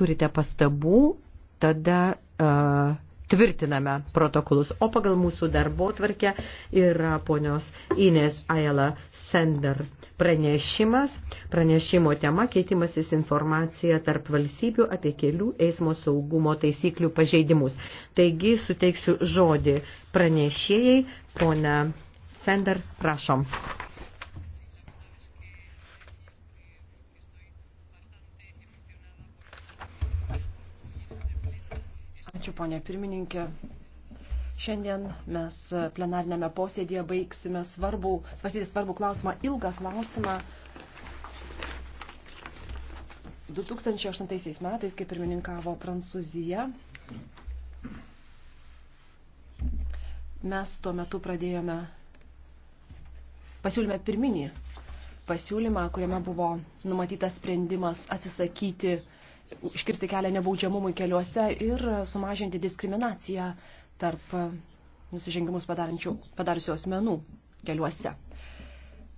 turite pastabų, tada uh, tvirtiname protokolus. O pagal mūsų darbo tvarkę yra ponios Ines Aela Sender pranešimas. Pranešimo tema keitimasis informacija tarp valstybių apie kelių eismo saugumo taisyklių pažeidimus. Taigi suteiksiu žodį pranešėjai, ponia Sender, prašom. Ačiū, ponė pirmininkė. Šiandien mes plenarnėme posėdėje baigsime svarbų, svarstyti svarbų klausimą, ilgą klausimą. 2008 metais, kai pirmininkavo Prancūzija, mes tuo metu pradėjome, pasiūlėme pirminį pasiūlymą, kuriame buvo numatytas sprendimas atsisakyti iškirsti kelią nebaudžiamumui keliuose ir sumažinti diskriminaciją tarp nusižengimus padariusių asmenų keliuose.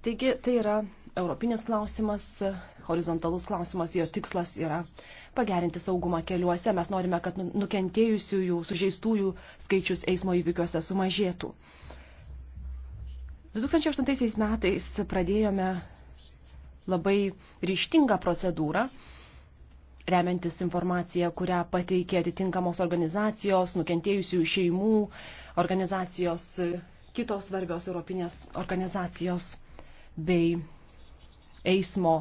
Taigi tai yra europinės klausimas, horizontalus klausimas, jo tikslas yra pagerinti saugumą keliuose. Mes norime, kad nu- nukentėjusiųjų, sužeistųjų skaičius eismo įvykiuose sumažėtų. 2008 metais pradėjome labai ryštingą procedūrą remiantis informacija, kurią pateikė atitinkamos organizacijos, nukentėjusių šeimų, organizacijos, kitos svarbios europinės organizacijos bei eismo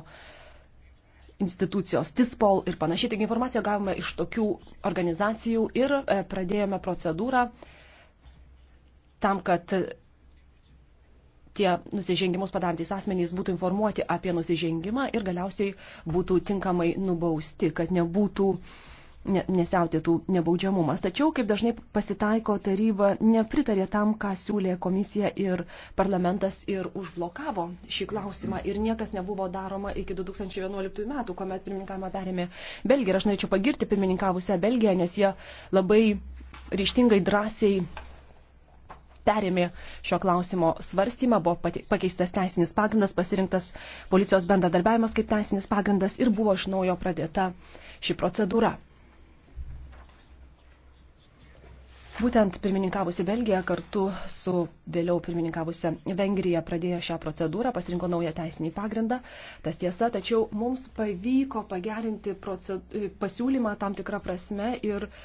institucijos TISPOL ir panašiai. Taigi informaciją gavome iš tokių organizacijų ir e, pradėjome procedūrą tam, kad tie nusižengimus padarantys asmenys būtų informuoti apie nusižengimą ir galiausiai būtų tinkamai nubausti, kad nebūtų nesiautėtų nebaudžiamumas. Tačiau, kaip dažnai pasitaiko, taryba nepritarė tam, ką siūlė komisija ir parlamentas ir užblokavo šį klausimą ir niekas nebuvo daroma iki 2011 metų, kuomet pirmininkavimą perėmė Belgija. Ir aš norėčiau pagirti pirmininkavusią Belgiją, nes jie labai ryštingai drąsiai perėmė šio klausimo svarstymą, buvo pakeistas teisinis pagrindas, pasirinktas policijos bendradarbiavimas kaip teisinis pagrindas ir buvo iš naujo pradėta ši procedūra. Būtent pirmininkavusi Belgija kartu su vėliau pirmininkavusi Vengrija pradėjo šią procedūrą, pasirinko naują teisinį pagrindą. Tas tiesa, tačiau mums pavyko pagerinti proced... pasiūlymą tam tikrą prasme ir uh,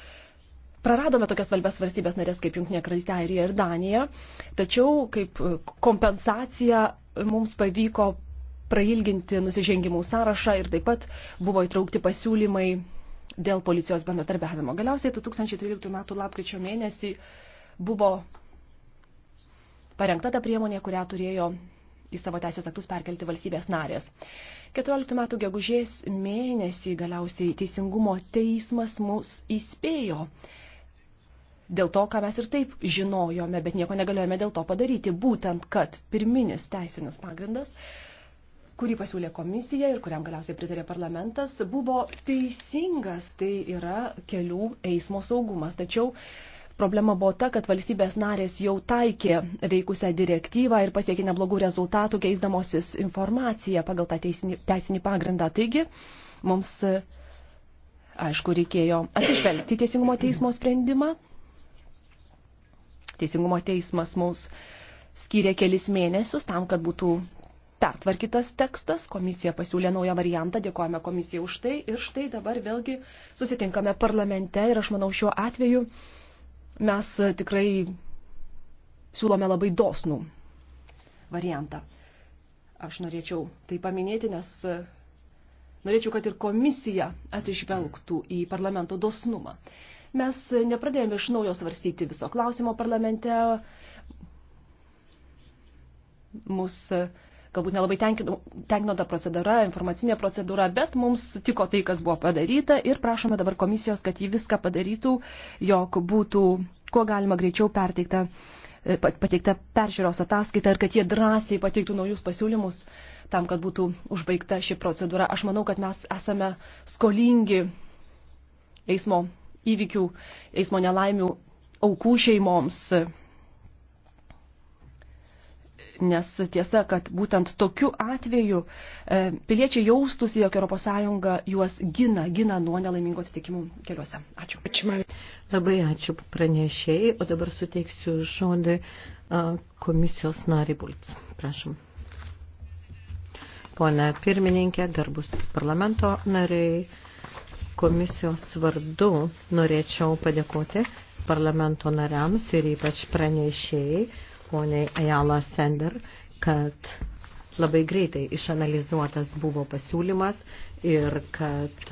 praradome tokias svarbias valstybės narės kaip Junktinė karalystė, Airija ir Danija, tačiau kaip e, kompensacija mums pavyko prailginti nusižengimų sąrašą ir taip pat buvo įtraukti pasiūlymai dėl policijos bendradarbiavimo. Galiausiai 2013 m. lapkričio mėnesį buvo parengta ta priemonė, kurią turėjo į savo teisės aktus perkelti valstybės narės. 14 metų gegužės mėnesį galiausiai Teisingumo teismas mus įspėjo dėl to, ką mes ir taip žinojome, bet nieko negalėjome dėl to padaryti. Būtent, kad pirminis teisinis pagrindas, kurį pasiūlė komisija ir kuriam galiausiai pritarė parlamentas, buvo teisingas, tai yra kelių eismo saugumas. Tačiau problema buvo ta, kad valstybės narės jau taikė veikusią direktyvą ir pasiekė neblogų rezultatų, keisdamosis informaciją pagal tą teisinį, teisinį pagrindą. Taigi, mums, aišku, reikėjo atsižvelgti teisingumo teismo sprendimą Teisingumo teismas mums skyrė kelis mėnesius tam, kad būtų pertvarkytas tekstas. Komisija pasiūlė naują variantą, dėkojame komisijai už tai. Ir štai dabar vėlgi susitinkame parlamente ir aš manau šiuo atveju mes tikrai siūlome labai dosnų variantą. Aš norėčiau tai paminėti, nes norėčiau, kad ir komisija atsižvelgtų į parlamento dosnumą. Mes nepradėjome iš naujo svarstyti viso klausimo parlamente. Mus e, galbūt nelabai tenkino ta procedūra, informacinė procedūra, bet mums tiko tai, kas buvo padaryta ir prašome dabar komisijos, kad jį viską padarytų, jog būtų kuo galima greičiau perteikta, e, pateikta peržiūros ataskaita ir kad jie drąsiai pateiktų naujus pasiūlymus tam, kad būtų užbaigta ši procedūra. Aš manau, kad mes esame skolingi eismo įvykių, eismo nelaimių aukų šeimoms. Nes tiesa, kad būtent tokiu atveju e, piliečiai jaustųsi, jog ES juos gina, gina nuo nelaimingų atsitikimų keliuose. Ačiū. ačiū Labai ačiū pranešėjai, o dabar suteiksiu žodį komisijos naribults. Prašom. Pone pirmininkė, garbus parlamento nariai Komisijos vardu norėčiau padėkoti parlamento nariams ir ypač pranešėjai, poniai Ajala Sender, kad labai greitai išanalizuotas buvo pasiūlymas ir kad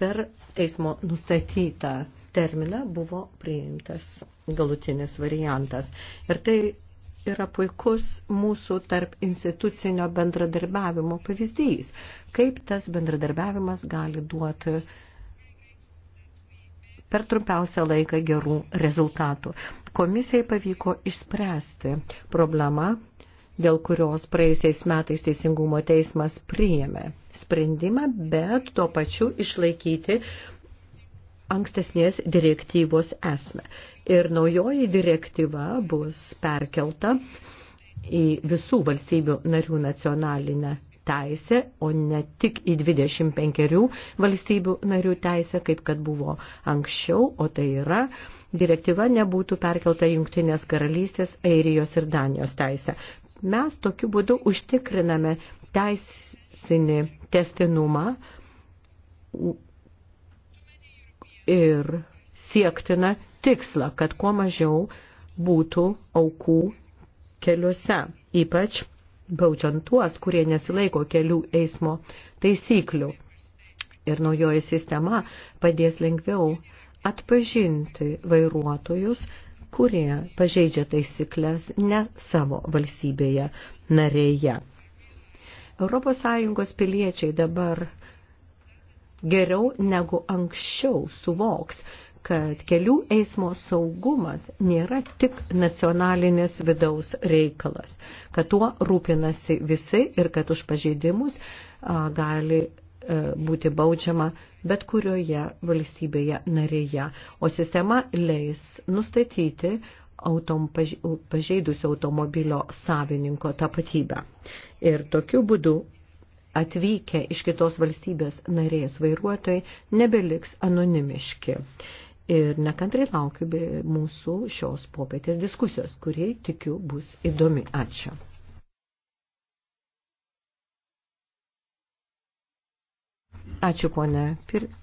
per teismo nustatytą terminą buvo priimtas galutinis variantas. Ir tai yra puikus mūsų tarp institucinio bendradarbiavimo pavyzdys, kaip tas bendradarbiavimas gali duoti per trumpiausią laiką gerų rezultatų. Komisijai pavyko išspręsti problemą, dėl kurios praėjusiais metais Teisingumo teismas priėmė sprendimą, bet tuo pačiu išlaikyti ankstesnės direktyvos esmę ir naujoji direktyva bus perkelta į visų valstybių narių nacionalinę teisę, o ne tik į 25 valstybių narių teisę, kaip kad buvo anksčiau, o tai yra direktyva nebūtų perkelta Junktinės karalystės, Airijos ir Danijos teisę. Mes tokiu būdu užtikriname teisinį testinumą ir siektina tikslą, kad kuo mažiau būtų aukų keliuose, ypač baudžiant tuos, kurie nesilaiko kelių eismo taisyklių. Ir naujoji sistema padės lengviau atpažinti vairuotojus, kurie pažeidžia taisyklės ne savo valstybėje narėje. ES piliečiai dabar geriau negu anksčiau suvoks, kad kelių eismo saugumas nėra tik nacionalinis vidaus reikalas, kad tuo rūpinasi visi ir kad už pažeidimus a, gali a, e, būti baudžiama bet kurioje valstybėje narėje. O sistema leis nustatyti autom, pažeidusio automobilio savininko tapatybę. Ir tokiu būdu atvykę iš kitos valstybės narės vairuotojai nebeliks anonimiški ir nekantrai laukiu mūsų šios popietės diskusijos, kurie, tikiu, bus įdomi. Ačiū. Ačiū, ponė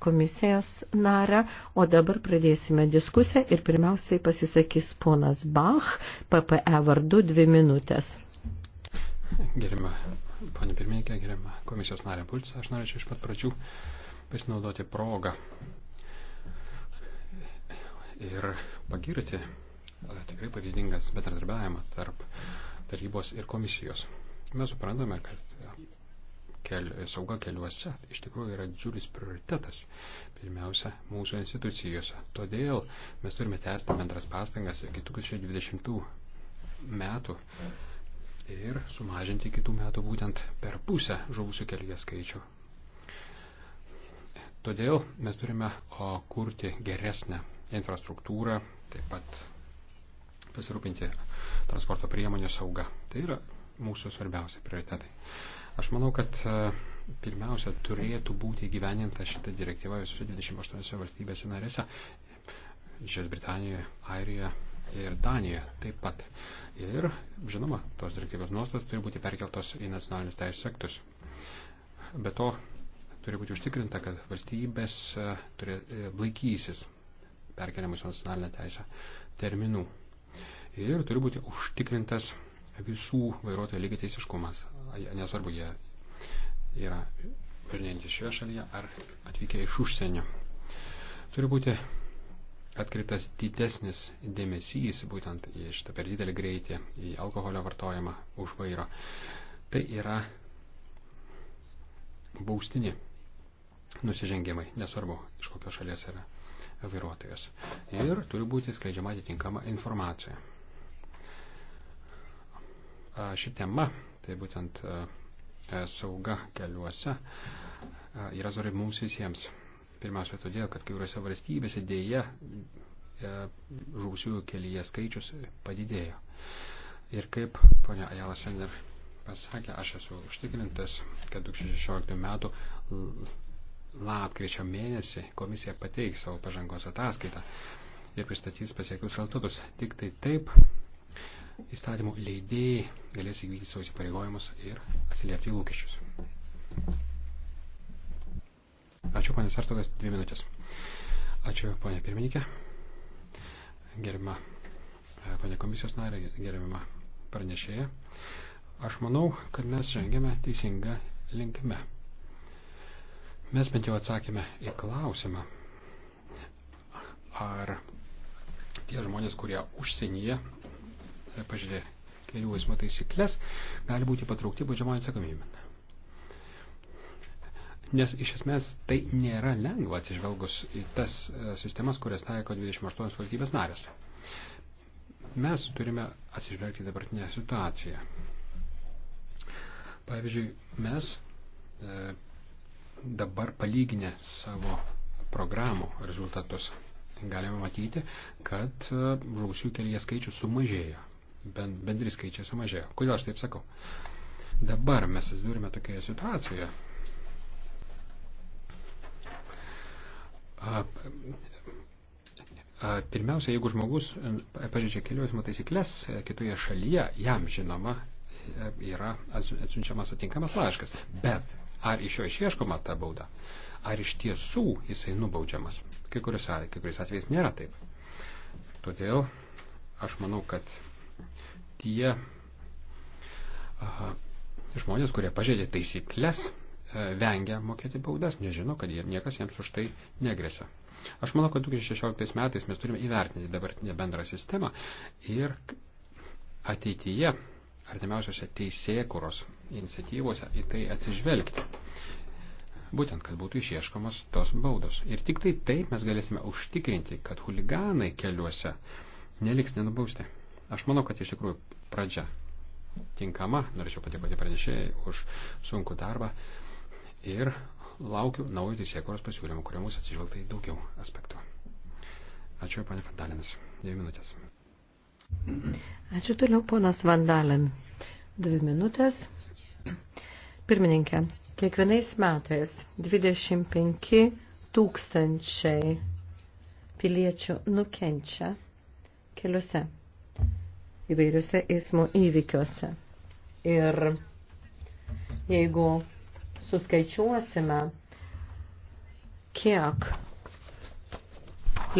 komisijos narą. O dabar pradėsime diskusiją ir pirmiausiai pasisakys ponas Bach, PPE vardu dvi minutės. Gerima, ponė pirmininkė, gerima komisijos narė Pulsa, aš norėčiau iš pat pradžių pasinaudoti progą ir pagirti e, tikrai pavyzdingas bendradarbiavimą tarp tarybos ir komisijos. Mes suprantame, kad kel, sauga keliuose iš tikrųjų yra didžiulis prioritetas, pirmiausia, mūsų institucijose. Todėl mes turime tęsti bendras pastangas iki 2020 metų ir sumažinti kitų metų būtent per pusę žuvusių kelyje skaičių. Todėl mes turime kurti geresnę infrastruktūrą, taip pat pasirūpinti transporto priemonių saugą. Tai yra mūsų svarbiausi prioritetai. Aš manau, kad e, pirmiausia turėtų būti įgyveninta šita direktyva visose 28 valstybėse narėse, Didžios Britanijoje, Airijoje ir Danijoje taip pat. Ir, žinoma, tos direktyvos nuostatos turi būti perkeltos į nacionalinius teisės sektus. Be to, turi būti užtikrinta, kad valstybės e, turi, e, laikysis perkeliamus į nacionalinę teisę terminų. Ir turi būti užtikrintas visų vairuotojų lygiai teisiškumas, nesvarbu jie yra važinėjantys šioje šalyje ar atvykę iš užsienio. Turi būti atkreiptas didesnis dėmesys būtent į šitą per didelį greitį, į alkoholio vartojimą už vairo. Tai yra baustini nusižengimai, nesvarbu, iš kokios šalies yra vairuotojas. Ir turi būti skleidžiama atitinkama informacija. Ši tema, tai būtent e, sauga keliuose, yra svarbi mums visiems. Pirmiausia, todėl, kad kai kuriuose valstybėse dėja e, žausiųjų kelyje skaičius padidėjo. Ir kaip ponia Ajala Sender pasakė, aš esu užtikrintas, kad 2016 metų lapkričio mėnesį komisija pateiks savo pažangos ataskaitą ir pristatys pasiekius rezultatus. Tik tai taip įstatymų leidėjai galės įvykdyti savo įsipareigojimus ir atsiliepti į lūkesčius. Ačiū, ponė Sartokas, dvi minutės. Ačiū, ponė pirmininkė, gerima e, ponė komisijos narė, gerima pranešėja. Aš manau, kad mes žengėme teisingą linkme. Mes bent jau atsakėme į klausimą, ar tie žmonės, kurie užsienyje e, pažiūrė kelių eismo taisyklės, gali būti patraukti baudžiamojo atsakomybę. Nes iš esmės tai nėra lengva atsižvelgus į tas e, sistemas, kurias taiko 28 valstybės narės. Mes turime atsižvelgti į dabartinę situaciją. Pavyzdžiui, mes e, dabar palyginę savo programų rezultatus, galime matyti, kad e, žuvusių kelyje skaičius sumažėjo. Bend, bendri skaičiai sumažėjo. Kodėl aš taip sakau? Dabar mes atsidūrime tokioje situacijoje. Pirmiausia, jeigu žmogus e, pažeidžia kelių eismo taisyklės e, kitoje šalyje, jam žinoma yra atsiunčiamas atinkamas laiškas. Bet ar iš jo išieškoma ta bauda, ar iš tiesų jisai nubaudžiamas. Kai kuriais atvejais nėra taip. Todėl aš manau, kad tie aha, žmonės, kurie pažeidė taisyklės, e, vengia mokėti baudas, nežino, kad jie, niekas jiems už tai negresia. Aš manau, kad 2016 metais mes turime įvertinti dabartinę bendrą sistemą ir ateityje, artimiausiose teisėkuros iniciatyvose į tai atsižvelgti. Būtent, kad būtų išieškomos tos baudos. Ir tik tai taip mes galėsime užtikrinti, kad huliganai keliuose neliks nenubausti. Aš manau, kad iš tikrųjų pradžia tinkama. Norėčiau padėkoti pranešėjai už sunkų darbą. Ir laukiu naujo teisėkuros pasiūlymų, kurio mūsų atsižvelgta į daugiau aspektų. Ačiū, panė Vandalinas. Dvi minutės. Ačiū toliau, ponas Vandalin. Dvi minutės. Pirmininkė, kiekvienais metais 25 tūkstančiai piliečių nukenčia keliuose įvairiuose eismo įvykiuose. Ir jeigu suskaičiuosime, kiek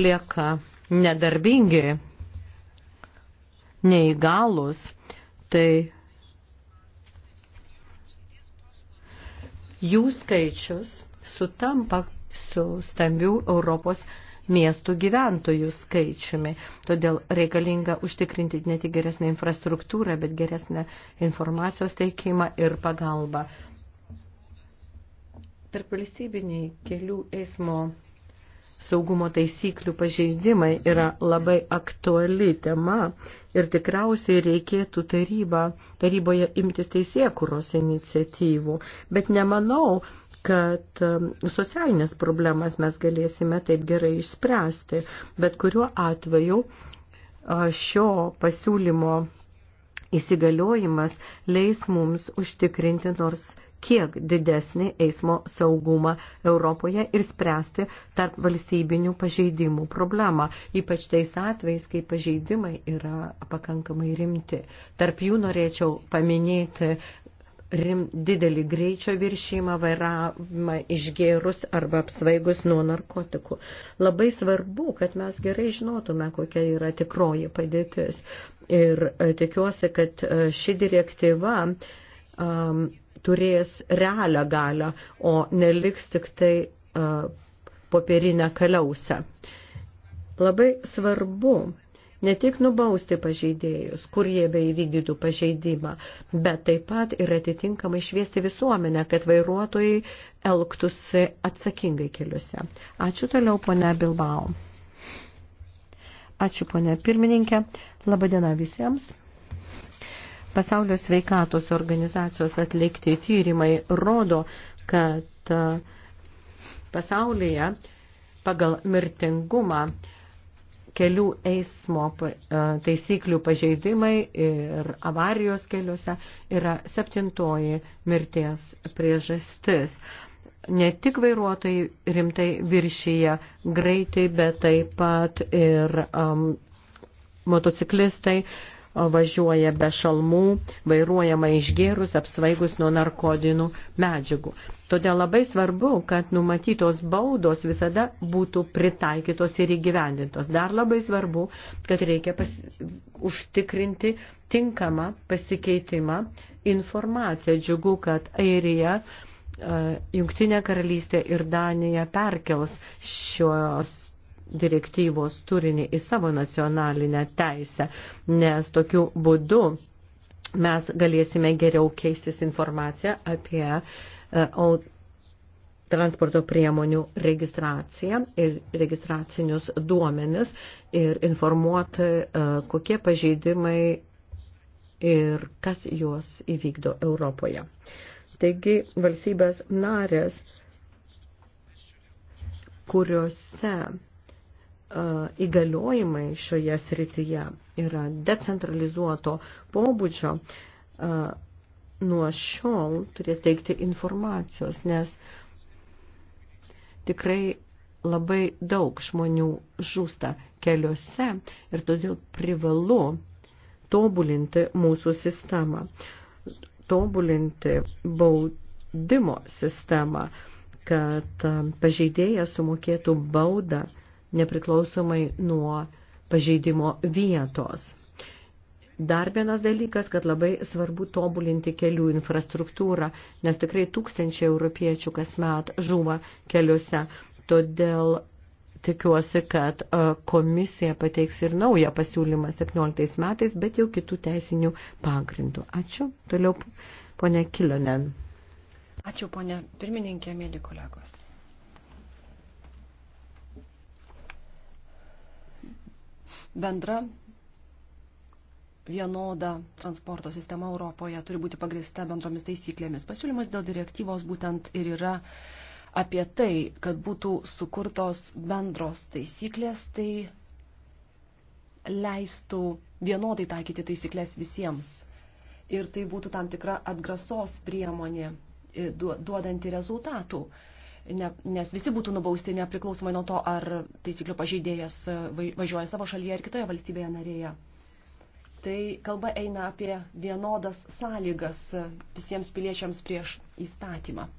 lieka nedarbingi, neįgalus, tai jų skaičius sutampa su stambių Europos miestų gyventojų skaičiumi. Todėl reikalinga užtikrinti ne tik geresnę infrastruktūrą, bet geresnę informacijos teikimą ir pagalbą. Tarp valstybiniai kelių eismo saugumo taisyklių pažeidimai yra labai aktuali tema ir tikriausiai reikėtų taryba, taryboje imtis teisėkuros iniciatyvų. Bet nemanau, kad um, socialinės problemas mes galėsime taip gerai išspręsti. Bet kuriuo atveju šio pasiūlymo įsigaliojimas leis mums užtikrinti nors kiek didesnį eismo saugumą Europoje ir spręsti tarp valstybinių pažeidimų problemą, ypač tais atvejais, kai pažeidimai yra pakankamai rimti. Tarp jų norėčiau paminėti rim, didelį greičio viršymą, vairavimą išgėrus arba apsvaigus nuo narkotikų. Labai svarbu, kad mes gerai žinotume, kokia yra tikroji padėtis. Ir e, tikiuosi, kad e, ši direktyva um, turės realią galę, o neliks tik tai uh, popierinę kaliausę. Labai svarbu ne tik nubausti pažeidėjus, kur jie beįvykdytų pažeidimą, bet taip pat ir atitinkamai šviesti visuomenę, kad vairuotojai elgtųsi atsakingai keliuose. Ačiū toliau, ponia Bilbao. Ačiū, ponia pirmininkė. Labadiena visiems. Pasaulio sveikatos organizacijos atlikti tyrimai rodo, kad e, pasaulyje pagal mirtingumą kelių eismo e, taisyklių pažeidimai ir avarijos keliuose yra septintoji mirties priežastis. Ne tik vairuotojai rimtai viršyje greitai, bet taip pat ir um, motociklistai, važiuoja be šalmų, vairuojama išgėrus, apsvaigus nuo narkodinų medžiagų. Todėl labai svarbu, kad numatytos baudos visada būtų pritaikytos ir įgyvendintos. Dar labai svarbu, kad reikia pas, užtikrinti tinkamą pasikeitimą informaciją. Džiugu, kad Airija, e, Jungtinė karalystė ir Danija perkels šios direktyvos turinį į savo nacionalinę teisę, nes tokiu būdu mes galėsime geriau keistis informaciją apie e, transporto priemonių registraciją ir registracinius duomenis ir informuoti, e, kokie pažeidimai ir kas juos įvykdo Europoje. Taigi valstybės narės, kuriuose E, įgaliojimai šioje srityje yra decentralizuoto pobūdžio, e, nuo šiol turės teikti informacijos, nes tikrai labai daug žmonių žūsta keliuose ir todėl privalu tobulinti mūsų sistemą, tobulinti baudimo sistemą, kad pažeidėjas sumokėtų baudą nepriklausomai nuo pažeidimo vietos. Dar vienas dalykas, kad labai svarbu tobulinti kelių infrastruktūrą, nes tikrai tūkstančiai europiečių kasmet žuva keliuose. Todėl tikiuosi, kad e, komisija pateiks ir naują pasiūlymą 17 metais, bet jau kitų teisinių pagrindų. Ačiū. Toliau ponė Kilonen. Ačiū ponė pirmininkė, mėly kolegos. Bendra vienoda transporto sistema Europoje turi būti pagrista bendromis taisyklėmis. Pasiūlymas dėl direktyvos būtent ir yra apie tai, kad būtų sukurtos bendros taisyklės, tai leistų vienodai taikyti taisyklės visiems. Ir tai būtų tam tikra atgrasos priemonė duodanti rezultatų ne, nes visi būtų nubausti nepriklausomai nuo to, ar taisyklių pažeidėjas e, važiuoja savo šalyje ar kitoje valstybėje narėje. Tai kalba eina apie vienodas sąlygas e, visiems piliečiams prieš įstatymą.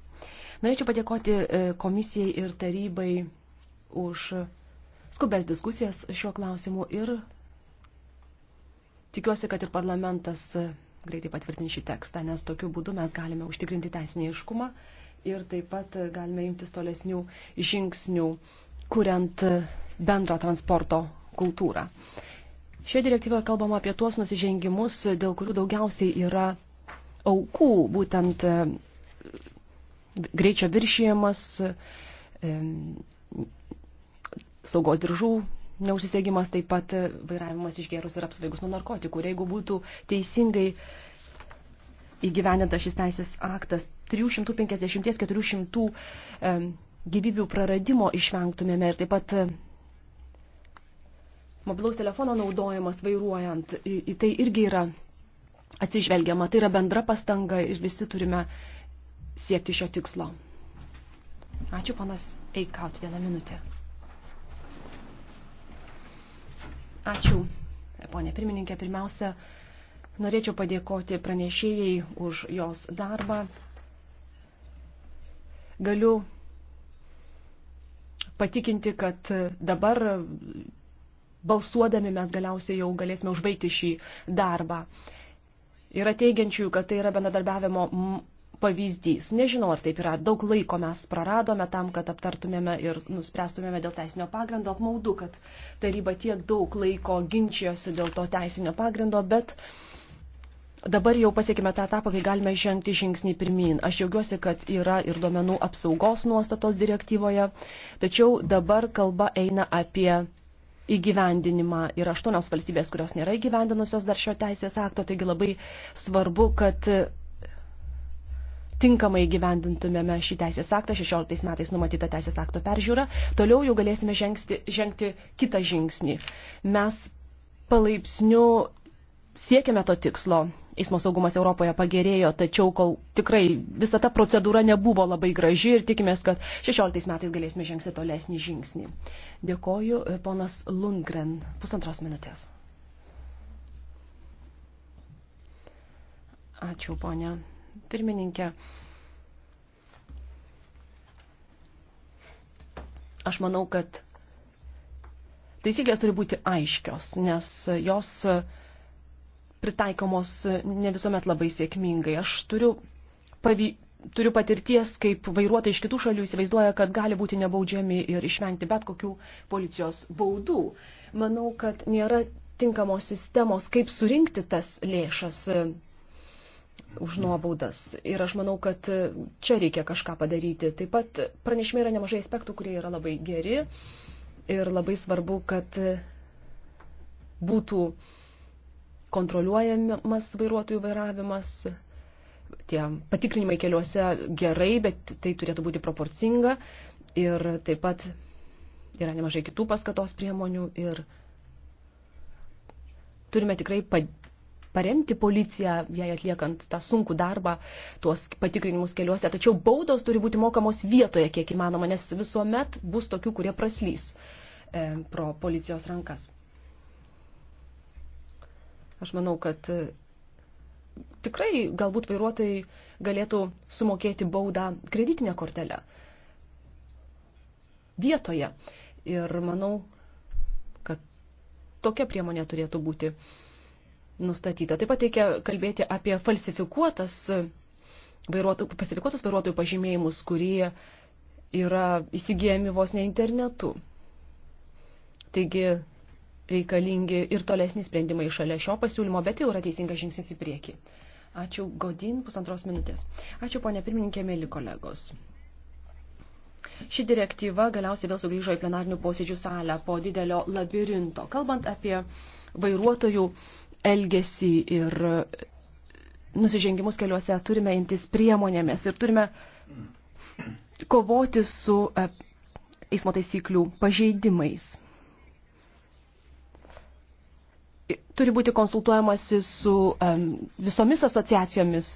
Norėčiau padėkoti e, komisijai ir tarybai už skubės diskusijas šiuo klausimu ir tikiuosi, kad ir parlamentas greitai patvirtins šį tekstą, nes tokiu būdu mes galime užtikrinti teisinį iškumą ir taip pat galime imtis tolesnių žingsnių, kuriant bendrą transporto kultūrą. Šioje direktyvoje kalbama apie tuos nusižengimus, dėl kurių daugiausiai yra aukų, būtent e, greičio viršijimas, e, saugos diržų neužsisėgimas, taip pat vairavimas išgerus ir apsvaigus nuo narkotikų. Ir jeigu būtų teisingai įgyvendintas šis teisės aktas. 350-400 gyvybių praradimo išvengtumėme ir taip pat mobilaus telefono naudojimas vairuojant, į tai irgi yra atsižvelgiama. Tai yra bendra pastanga ir visi turime siekti šio tikslo. Ačiū, panas Eikaut, vieną minutę. Ačiū, ponė pirmininkė. Pirmiausia, Norėčiau padėkoti pranešėjai už jos darbą. Galiu patikinti, kad dabar balsuodami mes galiausiai jau galėsime užbaigti šį darbą. Yra teigiančių, kad tai yra bendradarbiavimo pavyzdys. Nežinau, ar taip yra. Daug laiko mes praradome tam, kad aptartumėme ir nuspręstumėme dėl teisinio pagrindo. Apmaudu, kad taryba tiek daug laiko ginčijosi dėl to teisinio pagrindo, bet uh, dabar jau pasiekime tą etapą, kai galime žengti žingsnį pirmin. Aš džiaugiuosi, kad yra ir duomenų apsaugos nuostatos direktyvoje, tačiau dabar kalba eina apie įgyvendinimą. Yra aštuonios valstybės, kurios nėra įgyvendinusios dar šio teisės akto, taigi labai svarbu, kad tinkamai įgyvendintumėme šį teisės aktą, 16 metais numatyta teisės akto peržiūra, toliau jau galėsime žengsti, žengti kitą žingsnį. Mes palaipsniu siekiame to tikslo eismo saugumas Europoje pagerėjo, tačiau kol tikrai visa ta procedūra nebuvo labai graži ir tikimės, kad 16 metais galėsime žengti tolesnį žingsnį. Dėkoju, e, ponas Lundgren, pusantros minutės. Ačiū, ponia pirmininkė. Aš manau, kad taisyklės turi būti aiškios, nes jos pritaikomos ne visuomet labai sėkmingai. Aš turiu, pavy, turiu patirties, kaip vairuotojai iš kitų šalių įsivaizduoja, kad gali būti nebaudžiami ir išvengti bet kokių policijos baudų. Manau, kad nėra tinkamos sistemos, kaip surinkti tas lėšas e, už nuobaudas. Ir aš manau, kad e, čia reikia kažką padaryti. Taip pat pranešime yra nemažai aspektų, kurie yra labai geri ir labai svarbu, kad e, būtų uh, kontroliuojamas vairuotojų vairavimas, tie patikrinimai keliuose gerai, bet tai turėtų būti proporcinga ir taip pat yra nemažai kitų paskatos priemonių ir turime tikrai paremti policiją, jai atliekant tą sunkų darbą, tuos patikrinimus keliuose, tačiau baudos turi būti mokamos vietoje, kiek įmanoma, nes visuomet bus tokių, kurie praslys e, pro policijos rankas. Aš manau, kad e, tikrai galbūt vairuotojai galėtų sumokėti baudą kreditinę kortelę vietoje. Ir manau, kad tokia priemonė turėtų būti nustatyta. Taip pat reikia kalbėti apie falsifikuotas e, vairuotojų, falsifikuotus vairuotojų pažymėjimus, kurie yra įsigijami vos ne internetu. Taigi reikalingi ir tolesni sprendimai šalia šio pasiūlymo, bet jau yra teisingas žingsnis į priekį. Ačiū Godin, pusantros minutės. Ačiū ponė pirmininkė, mėly kolegos. Ši direktyva galiausiai vėl sugrįžo į plenarnių posėdžių salę po didelio labirinto. Kalbant apie vairuotojų elgesį ir nusižengimus keliuose, turime imtis priemonėmis ir turime kovoti su e, eismo taisyklių pažeidimais turi būti konsultuojamasi su visomis asociacijomis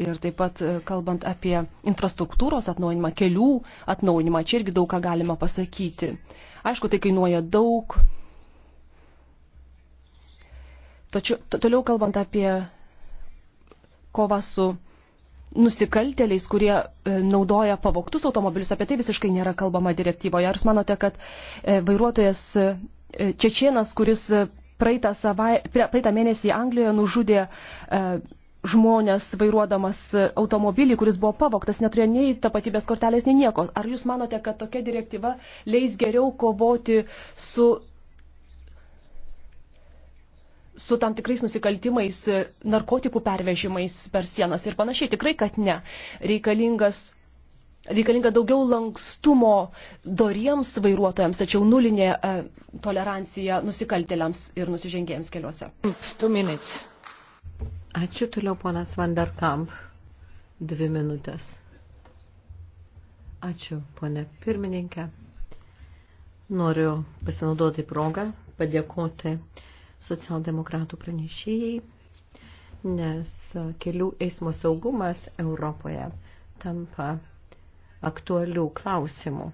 ir taip pat e, kalbant apie infrastruktūros atnaujinimą, kelių atnaujinimą, čia irgi daug ką galima pasakyti. Aišku, tai kainuoja daug. Tačiau, toliau kalbant apie kovą su nusikalteliais, kurie e, naudoja pavogtus automobilius, apie tai visiškai nėra kalbama direktyvoje. Ar jūs manote, kad e, vairuotojas Čečienas, kuris praeitą, savai, praeitą mėnesį Anglijoje nužudė e, žmonės vairuodamas automobilį, kuris buvo pavoktas, neturėjo nei tapatybės kortelės, nei nieko. Ar jūs manote, kad tokia direktyva leis geriau kovoti su, su tam tikrais nusikaltimais, narkotikų pervežimais per sienas ir panašiai? Tikrai, kad ne. Reikalingas reikalinga daugiau lankstumo doriems vairuotojams, tačiau nulinė e, tolerancija nusikaltėliams ir nusižengėjams keliuose. Ačiū toliau, ponas Vanderkamp. Dvi minutės. Ačiū, ponė pirmininkė. Noriu pasinaudoti progą, padėkoti socialdemokratų pranešėjai, nes kelių eismo saugumas Europoje tampa aktualių klausimų.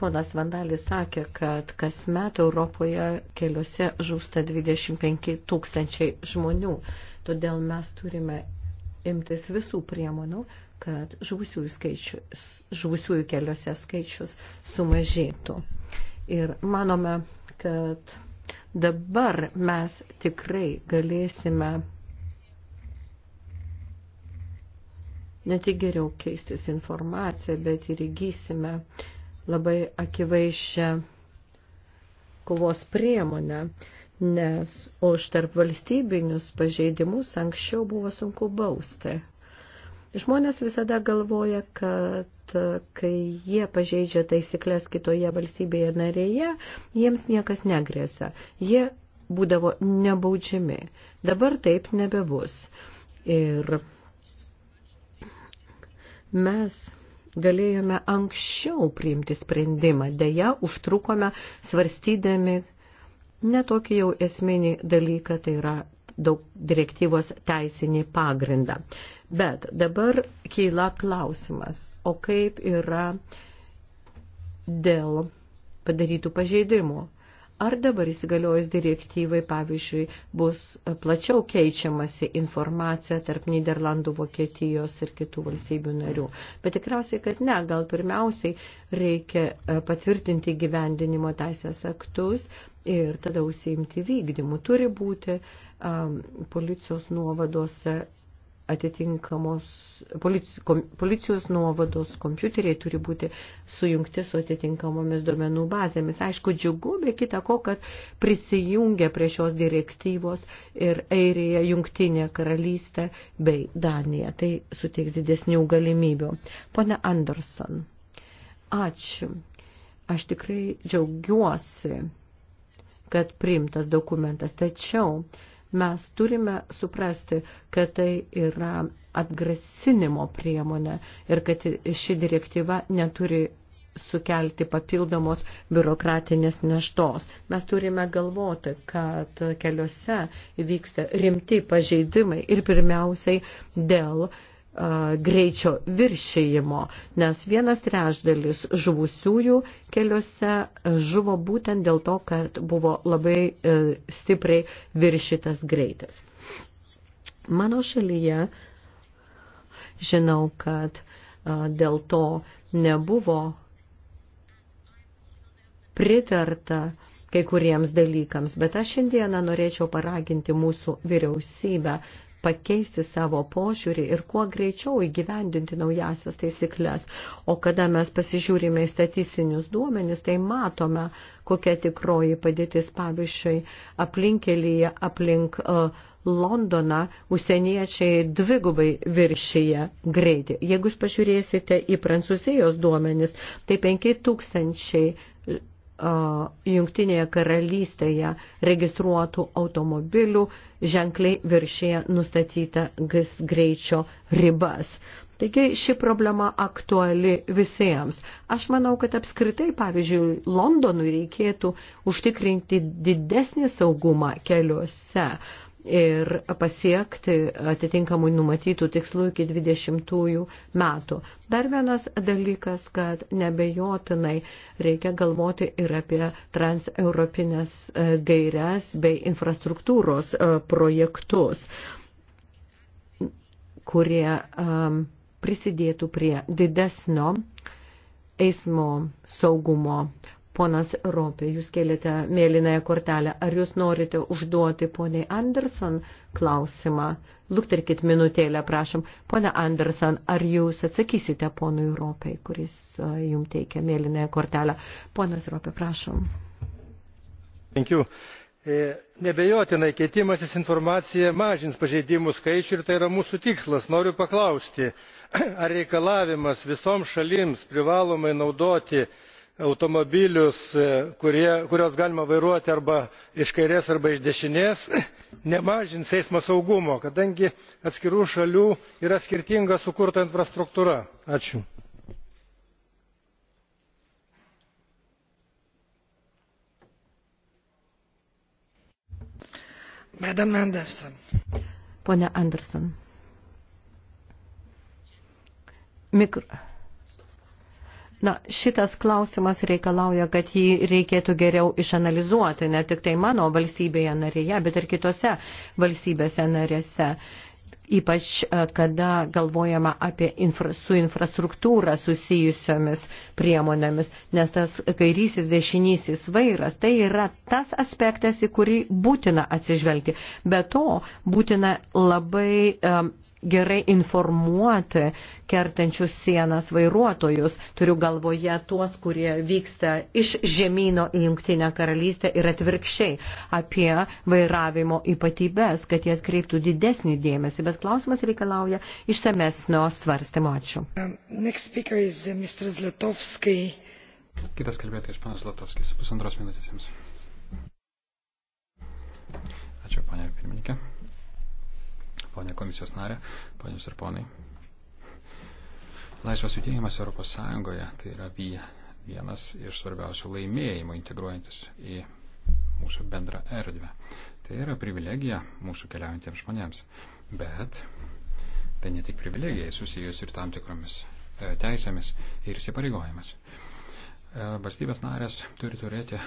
Ponas Vandalis sakė, kad kasmet Europoje keliuose žūsta 25 tūkstančiai žmonių. Todėl mes turime imtis visų priemonių, kad žuvusiųjų, skaičius, žuvusiųjų keliuose skaičius sumažėtų. Ir manome, kad dabar mes tikrai galėsime ne tik geriau keistis informaciją, bet ir įgysime labai akivaišę kovos priemonę, nes už tarp valstybinius pažeidimus anksčiau buvo sunku bausti. Žmonės visada galvoja, kad kai jie pažeidžia taisyklės kitoje valstybėje narėje, jiems niekas negrėsia. Jie būdavo nebaudžiami. Dabar taip nebebus. Ir mes galėjome anksčiau priimti sprendimą, dėja užtrukome svarstydami ne tokį jau esminį dalyką, tai yra daug direktyvos teisinį pagrindą. Bet dabar keila klausimas, o kaip yra dėl padarytų pažeidimų? Ar dabar įsigaliojus direktyvai, pavyzdžiui, bus plačiau keičiamasi informacija tarp Niderlandų, Vokietijos ir kitų valstybių narių? Bet tikriausiai, kad ne, gal pirmiausiai reikia e, patvirtinti gyvendinimo teisės aktus ir tada užsiimti vykdymu. Turi būti um, policijos nuovadose atitinkamos policijos nuovados kompiuteriai turi būti sujungti su atitinkamomis duomenų bazėmis. Aišku, džiugu, be kita ko, kad prisijungia prie šios direktyvos ir Airija, Jungtinė karalystė bei Danija. Tai suteiks didesnių galimybių. Pone Anderson, ačiū. Aš tikrai džiaugiuosi, kad priimtas dokumentas, tačiau Mes turime suprasti, kad tai yra atgrasinimo priemonė ir kad ši direktyva neturi sukelti papildomos biurokratinės neštos. Mes turime galvoti, kad keliuose vyksta rimti pažeidimai ir pirmiausiai dėl uh, greičio viršėjimo, nes vienas trešdalis žuvusiųjų keliuose žuvo būtent dėl to, kad buvo labai e, stipriai viršytas greitas. Mano šalyje žinau, kad dėl to nebuvo pritarta kai kuriems dalykams, bet aš šiandieną norėčiau paraginti mūsų vyriausybę pakeisti savo požiūrį ir kuo greičiau įgyvendinti naujasias taisyklės. O kada mes pasižiūrime į statistinius duomenis, tai matome, kokia tikroji padėtis, pavyzdžiui, aplinkelyje, aplink uh, Londoną užsieniečiai dvigubai viršyje greitį. Jeigu jūs pažiūrėsite į Prancūzijos duomenis, tai 5000 Jungtinėje karalystėje registruotų automobilių ženkliai viršėja nustatyta greičio ribas. Taigi ši problema aktuali visiems. Aš manau, kad apskritai, pavyzdžiui, Londonui reikėtų užtikrinti didesnį saugumą keliuose. Uh, ir pasiekti atitinkamai numatytų tikslų iki 20 metų. Dar vienas dalykas, kad nebejotinai reikia galvoti ir apie transeuropinės e, gairias bei infrastruktūros e, projektus, kurie e, prisidėtų prie didesnio eismo saugumo Ponas Ropė, jūs kėlėte mėlynąją kortelę. Ar jūs norite užduoti poniai Anderson klausimą? Lukterkit minutėlę, prašom. Pone Anderson, ar jūs atsakysite ponui Ropiai, kuris jums teikia mėlynąją kortelę? Ponas Ropė, prašom. Penkių. E, nebejotinai keitimasis informacija mažins pažeidimų skaičių ir tai yra mūsų tikslas. Noriu paklausti, ar reikalavimas visoms šalims privalomai naudoti automobilius e, kuriuos galima vairuoti arba iš kairės arba iš dešinės nemažins eismo saugumo kadangi atskirų šalių yra skirtingai sukurta infrastruktūra. Pone Anderson. Mikro. Na, šitas klausimas reikalauja, kad jį reikėtų geriau išanalizuoti, ne tik tai mano valstybėje narėje, bet ir kitose valstybėse narėse. Ypač, e, kada galvojama apie infra, su infrastruktūra susijusiomis priemonėmis, nes tas kairysis dešinysis vairas, tai yra tas aspektas, į kurį būtina atsižvelgti. Be to, būtina labai um, gerai informuoti kertančius sienas vairuotojus. Turiu galvoje tuos, kurie vyksta iš žemynų į Junktinę karalystę ir atvirkščiai apie vairavimo ypatybės, kad jie atkreiptų didesnį dėmesį. Bet klausimas reikalauja išsamesnio svarstymo. Ačiū. Um, uh, Kitas kalbėtojas, panas Latovskis, pusantros minutės jums. Ačiū, panė pirmininkė ponė komisijos narė, ponios ir ponai. Laisvas judėjimas Europos Sąjungoje tai yra vienas iš svarbiausių laimėjimų integruojantis į mūsų bendrą erdvę. Tai yra privilegija mūsų keliaujantiems žmonėms. Bet tai ne tik privilegija, susijus ir tam tikromis e, teisėmis ir įsipareigojimas. E, valstybės narės turi turėti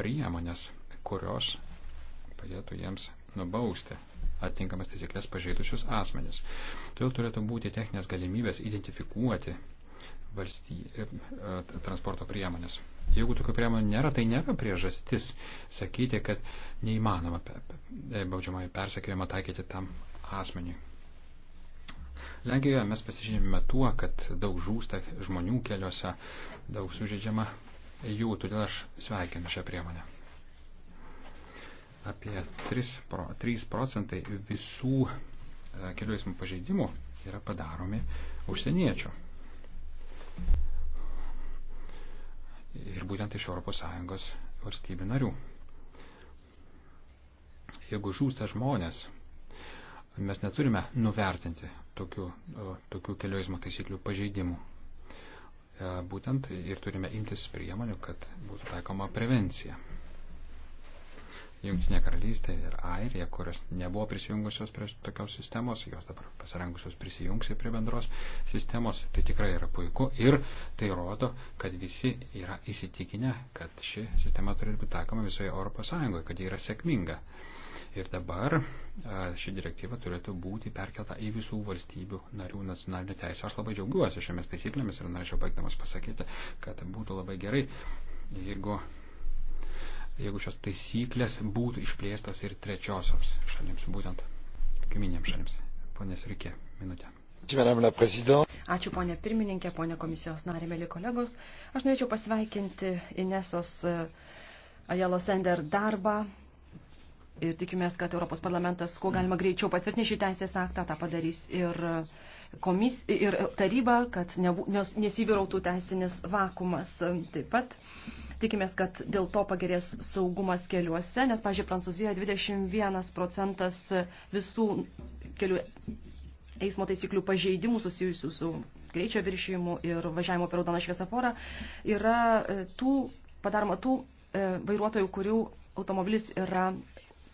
priemonės, kurios padėtų jiems nubausti atitinkamas taisyklės pažeidusius asmenis. Todėl turėtų būti techninės galimybės identifikuoti valstyje, e, transporto priemonės. Jeigu tokių priemonių nėra, tai nėra priežastis sakyti, kad neįmanoma e, baudžiamąjį persekiojimą taikyti tam asmeniui. Lenkijoje mes pasižymime tuo, kad daug žūsta žmonių keliuose, daug sužeidžiama jų, todėl aš sveikinu šią priemonę apie 3 procentai visų e, kelių eismo pažeidimų yra padaromi užsieniečių. Ir būtent iš ES valstybių narių. Jeigu žūsta žmonės, mes neturime nuvertinti tokių, tokių kelių eismo taisyklių pažeidimų. E, būtent ir turime imtis priemonių, kad būtų taikoma prevencija. Junktinė karalystė ir Airija, kurios nebuvo prisijungusios prie tokios sistemos, jos dabar pasirengusios prisijungsi prie bendros sistemos, tai tikrai yra puiku ir tai rodo, kad visi yra įsitikinę, kad ši sistema turėtų būti taikoma visoje Europos Sąjungoje, kad ji yra sėkminga. Ir dabar ši direktyva turėtų būti perkelta į visų valstybių narių nacionalinę teisę. Aš labai džiaugiuosi šiomis taisyklėmis ir norėčiau baigdamas pasakyti, kad būtų labai gerai, jeigu jeigu šios taisyklės būtų išplėstos ir trečiosioms šalims, būtent kaiminėms šalims. Pone Sirikė, minutė. Ačiū ponė pirmininkė, ponė komisijos narė, mėly kolegos. Aš norėčiau pasveikinti Inesos e, Ajalo Sender darbą ir tikimės, kad Europos parlamentas kuo galima greičiau patvirtinti šį teisės aktą, tą padarys ir uh, komis, ir taryba, kad nesivyrautų teisinis vakumas. Taip pat tikimės, kad dėl to pagerės saugumas keliuose, nes, pažiūrėjau, Prancūzijoje 21 procentas visų kelių eismo taisyklių pažeidimų susijusių su greičio viršijimu ir važiavimo per raudoną šviesaforą yra e, tų, padaroma tų e, vairuotojų, kurių automobilis yra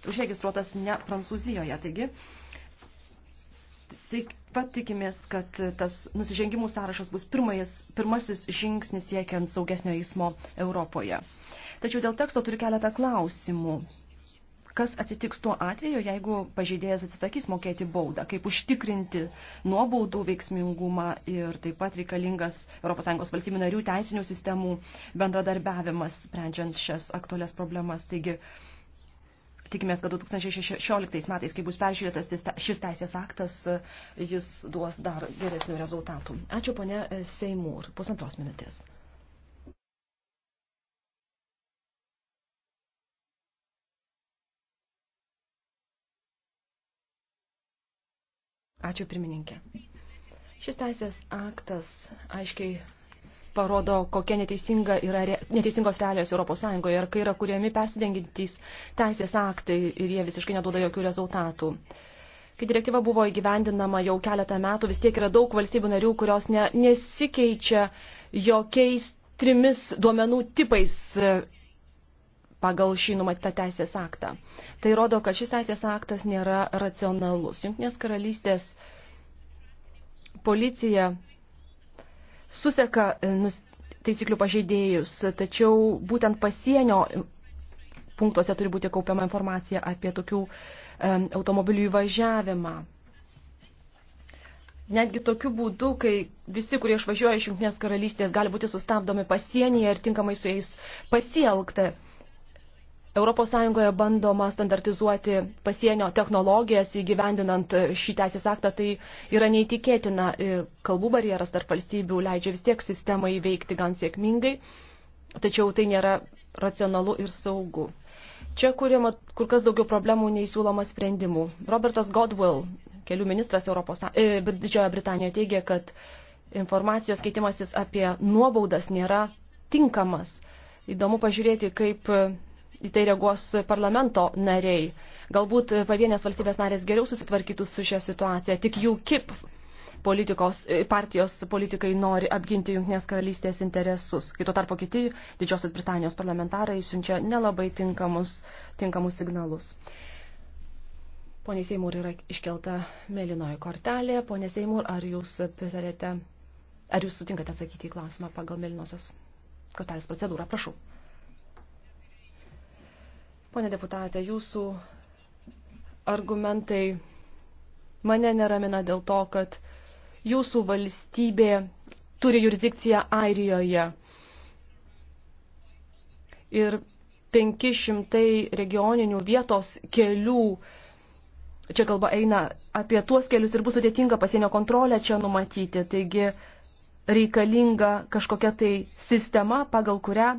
užregistruotas ne Prancūzijoje. Taigi, Taip pat tikimės, kad tas nusižengimų sąrašas bus pirmais, pirmasis žingsnis siekiant saugesnio eismo Europoje. Tačiau dėl teksto turiu keletą klausimų. Kas atsitiks tuo atveju, jeigu pažeidėjas atsisakys mokėti baudą? Kaip užtikrinti nuobaudų veiksmingumą ir taip pat reikalingas ES valstybių narių teisinių sistemų bendradarbiavimas, sprendžiant šias aktualias problemas. Taigi, Tikimės, kad 2016 metais, kai bus peržiūrėtas šis teisės aktas, jis duos dar geresnių rezultatų. Ačiū, ponė Seimūr. Pusantros minutės. Ačiū, pirmininkė. Šis teisės aktas aiškiai parodo, kokia neteisinga yra neteisingos realijos Europos Sąjungoje ir kai yra kuriami persidengintys teisės aktai ir jie visiškai neduoda jokių rezultatų. Kai direktyva buvo įgyvendinama jau keletą metų, vis tiek yra daug valstybių narių, kurios ne, nesikeičia jokiais trimis duomenų tipais e, pagal šį numatytą teisės aktą. Tai rodo, kad šis teisės aktas nėra racionalus. Junktinės karalystės policija suseka e, taisyklių pažeidėjus, tačiau būtent pasienio punktuose turi būti kaupiama informacija apie tokių um, automobilių įvažiavimą. Netgi tokiu būdu, kai visi, kurie išvažiuoja iš Junktinės karalystės, gali būti sustabdomi pasienyje ir tinkamai su jais pasielgta. ES bandoma standartizuoti pasienio technologijas įgyvendinant šį teisės aktą, tai yra neįtikėtina. E, kalbų barjeras tarp valstybių leidžia vis tiek sistemą įveikti gan sėkmingai, tačiau tai nėra racionalu ir saugu. Čia kuriama kur kas daugiau problemų nei siūloma sprendimų. Robertas Godwell, kelių ministras Europos, e, Didžiojo Britanijoje, teigia, kad informacijos keitimasis apie nuobaudas nėra tinkamas. Įdomu pažiūrėti, kaip į tai reaguos parlamento nariai. Galbūt pavienės valstybės narės geriau susitvarkytų su šią situaciją, tik jų kip politikos, e, partijos politikai nori apginti Junktinės karalystės interesus. Kai tuo tarpu kiti Didžiosios Britanijos parlamentarai siunčia nelabai tinkamus, tinkamus signalus. Pone Seimur yra iškelta mėlynoji kortelė. Pone Seimur, ar jūs pritarėte, ar jūs sutinkate atsakyti į klausimą pagal mėlynosios kortelės procedūrą? Prašau. Pone deputate, jūsų argumentai mane neramina dėl to, kad jūsų valstybė turi jurisdikciją Airijoje. Ir 500 regioninių vietos kelių, čia kalba eina apie tuos kelius ir bus sudėtinga pasienio kontrolę čia numatyti. Taigi reikalinga kažkokia tai sistema, pagal kurią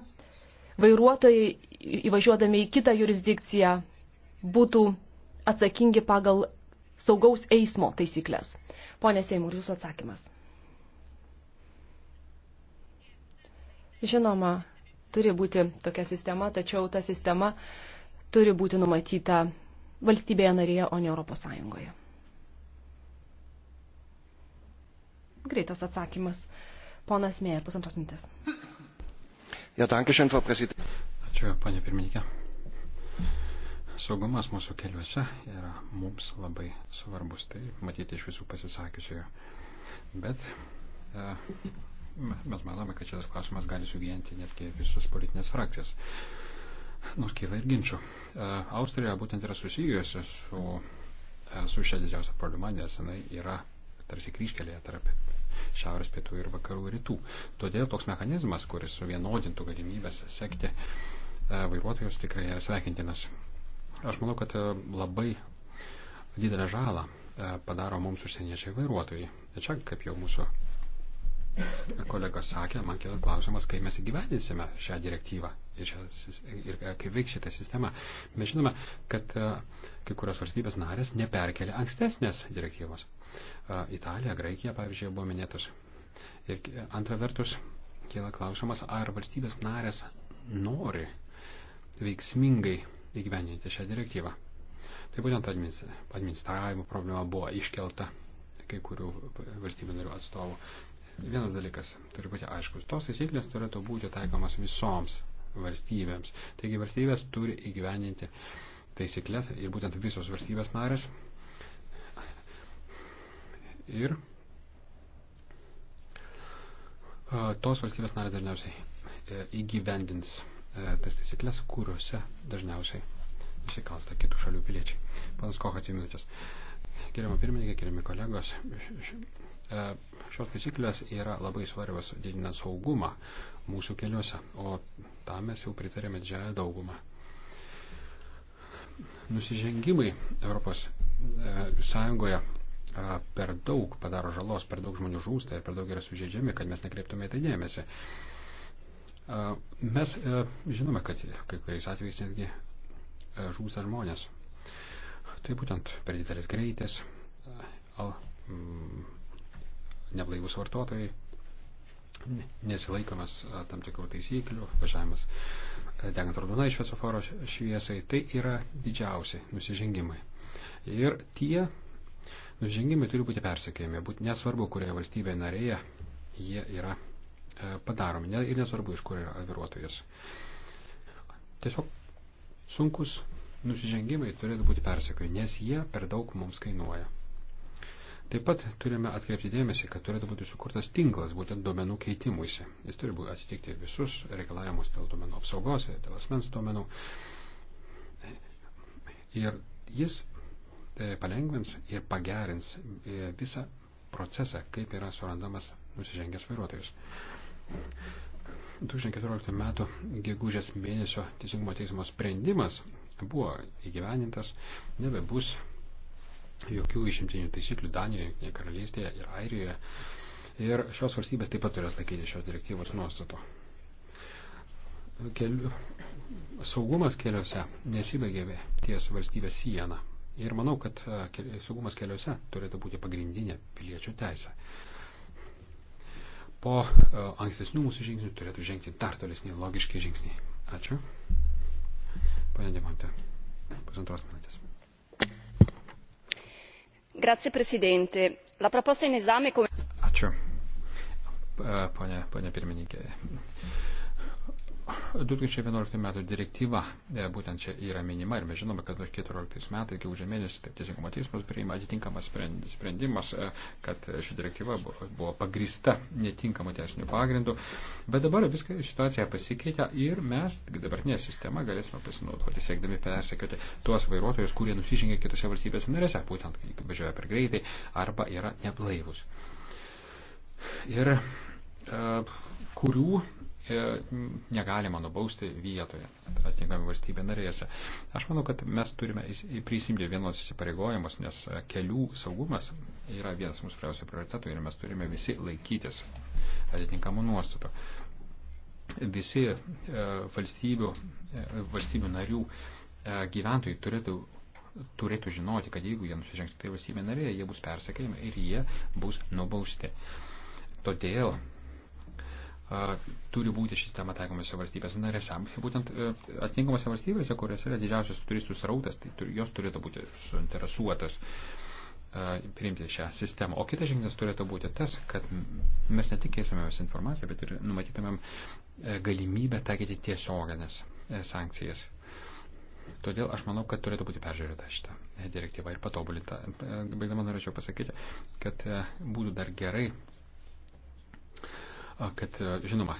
vairuotojai įvažiuodami į kitą jurisdikciją būtų atsakingi pagal saugaus eismo taisyklės. Pone Seimur, jūsų atsakymas. Žinoma, turi būti tokia sistema, tačiau ta sistema turi būti numatyta valstybėje narėje, o ne Europos Sąjungoje. Greitas atsakymas. Ponas Mėjer, pusantros mintės. Ja, danke schön, Frau Präsidentin. Ačiū, panė pirmininkė. Saugumas mūsų keliuose yra mums labai svarbus, tai matyti iš visų pasisakiusių. Bet e, mes manome, kad šitas klausimas gali suvienyti netgi visus politinės frakcijas. Nors kyla ir ginčių. E, Austrija būtent yra susijusi su, e, su šia didžiausia problema, nes jinai yra tarsi kryškelėje tarp šiaurės pietų ir vakarų rytų. Todėl toks mechanizmas, kuris suvienodintų galimybės sekti E, vairuotojus tikrai yra sveikintinas. Aš manau, kad e, labai didelę žalą e, padaro mums užsieniečiai vairuotojai. Čia, kaip jau mūsų kolega sakė, man kila klausimas, kaip mes įgyvendinsime šią direktyvą ir, šią, ir kaip veiks šitą sistemą. Mes žinome, kad kai kurios valstybės narės neperkelia ankstesnės direktyvos. Italija, Graikija, pavyzdžiui, buvo minėtas. Ir antra vertus, kila klausimas, ar valstybės narės nori veiksmingai įgyveninti šią direktyvą. Tai būtent administravimo problema buvo iškelta kai kurių valstybių narių atstovų. Vienas dalykas turi būti aiškus. Tos taisyklės turėtų būti taikomas visoms valstybėms. Taigi valstybės turi įgyveninti taisyklės ir būtent visos valstybės narės. Ir tos valstybės narės dažniausiai e, įgyvendins E, tas taisyklės, kuriuose dažniausiai nusikalsta kitų šalių piliečiai. Panas Kohat, jums minutės. Gerimo pirmininkė, gerimi kolegos, e, šios taisyklės yra labai svarbios didinant saugumą mūsų keliuose, o tam mes jau pritarėme didžiąją daugumą. Nusižengimai Europos e, Sąjungoje per daug padaro žalos, per daug žmonių žūsta ir per daug yra sužeidžiami, kad mes nekreiptume į tai dėmesį. Mes e, žinome, kad kai kuriais atvejais netgi e, žūsta žmonės. Tai būtent per didelis greitis, e, al, m, mm, neblaivus vartotojai, nesilaikimas tam tikrų taisyklių, važiavimas degant raudonai šviesoforo šviesai, tai yra didžiausi nusižengimai. Ir tie nusižengimai turi būti persekėjami, būt nesvarbu, kurioje valstybėje narėje jie yra E, padaromi. Ir nesvarbu, iš kur yra vairuotojas. Tiesiog sunkus nusižengimai turėtų būti persekiojami, nes jie per daug mums kainuoja. Taip pat turime atkreipti dėmesį, kad turėtų būti sukurtas tinklas būtent duomenų keitimuisi. Jis turi būti atitikti visus reikalavimus dėl duomenų apsaugos, dėl asmens duomenų. Ir jis e, palengvins ir pagerins e, visą procesą, kaip yra surandamas nusižengęs vairuotojus. 2014 metų gegužės mėnesio teisingumo teismo sprendimas buvo įgyvenintas, nebebus jokių išimtinių taisyklių Danijoje, Junktinėje karalystėje ir Airijoje. Ir šios valstybės taip pat turės laikyti šios direktyvos nuostato. Keliu, saugumas keliuose nesibaigė ties valstybės sieną. Ir manau, kad e, saugumas keliuose turėtų būti pagrindinė piliečių teisė po e, ankstesnių mūsų žingsnių turėtų žengti dar tolesni logiški žingsniai. Ačiū. Pane Demante, pusantros minutės. Grazie Presidente. La proposta in esame come... Ačiū. E, pane, pane pirmininkė. 2011 metų direktyva e, būtent čia yra minima ir mes žinome, kad 2014 metai, gegužė mėnesį, taip teisingumo teismas priima atitinkamas sprendimas, e, kad ši direktyva buvo pagrįsta netinkamu teisiniu pagrindu. Bet dabar viską situacija pasikeitė ir mes dabartinė sistema galėsime pasinaudoti, siekdami persekioti tuos vairuotojus, kurie nusižengia kitose valstybės narėse, būtent važiuoja per greitai arba yra neblaivus. Ir e, kurių E, negalima nubausti vietoje, atitinkami valstybė narėse. Aš manau, kad mes turime prisimti vienos įsipareigojimus, nes kelių saugumas yra vienas mūsų svarbiausių prioritetų ir mes turime visi laikytis atitinkamų nuostatų. Visi e, valstybių, e, valstybių narių gyventojai turėtų turėtų žinoti, kad jeigu jie nusižengs tai valstybė narėje, jie bus persekėjami ir jie bus nubausti. Todėl turi būti šis tema taikomose valstybėse narėse. Būtent e, atitinkamose valstybėse, kuriuose yra didžiausias turistų srautas, tai jos turėtų būti suinteresuotas priimti šią sistemą. O kitas žingsnis turėtų būti tas, kad mes ne tik keistumėmės informaciją, bet ir numatytumėm e, galimybę taikyti tiesioginės e, sankcijas. Todėl aš manau, kad turėtų būti peržiūrėta šitą direktyvą ir patobulinta. Baigdama norėčiau pasakyti, kad būtų dar gerai kad, e, žinoma,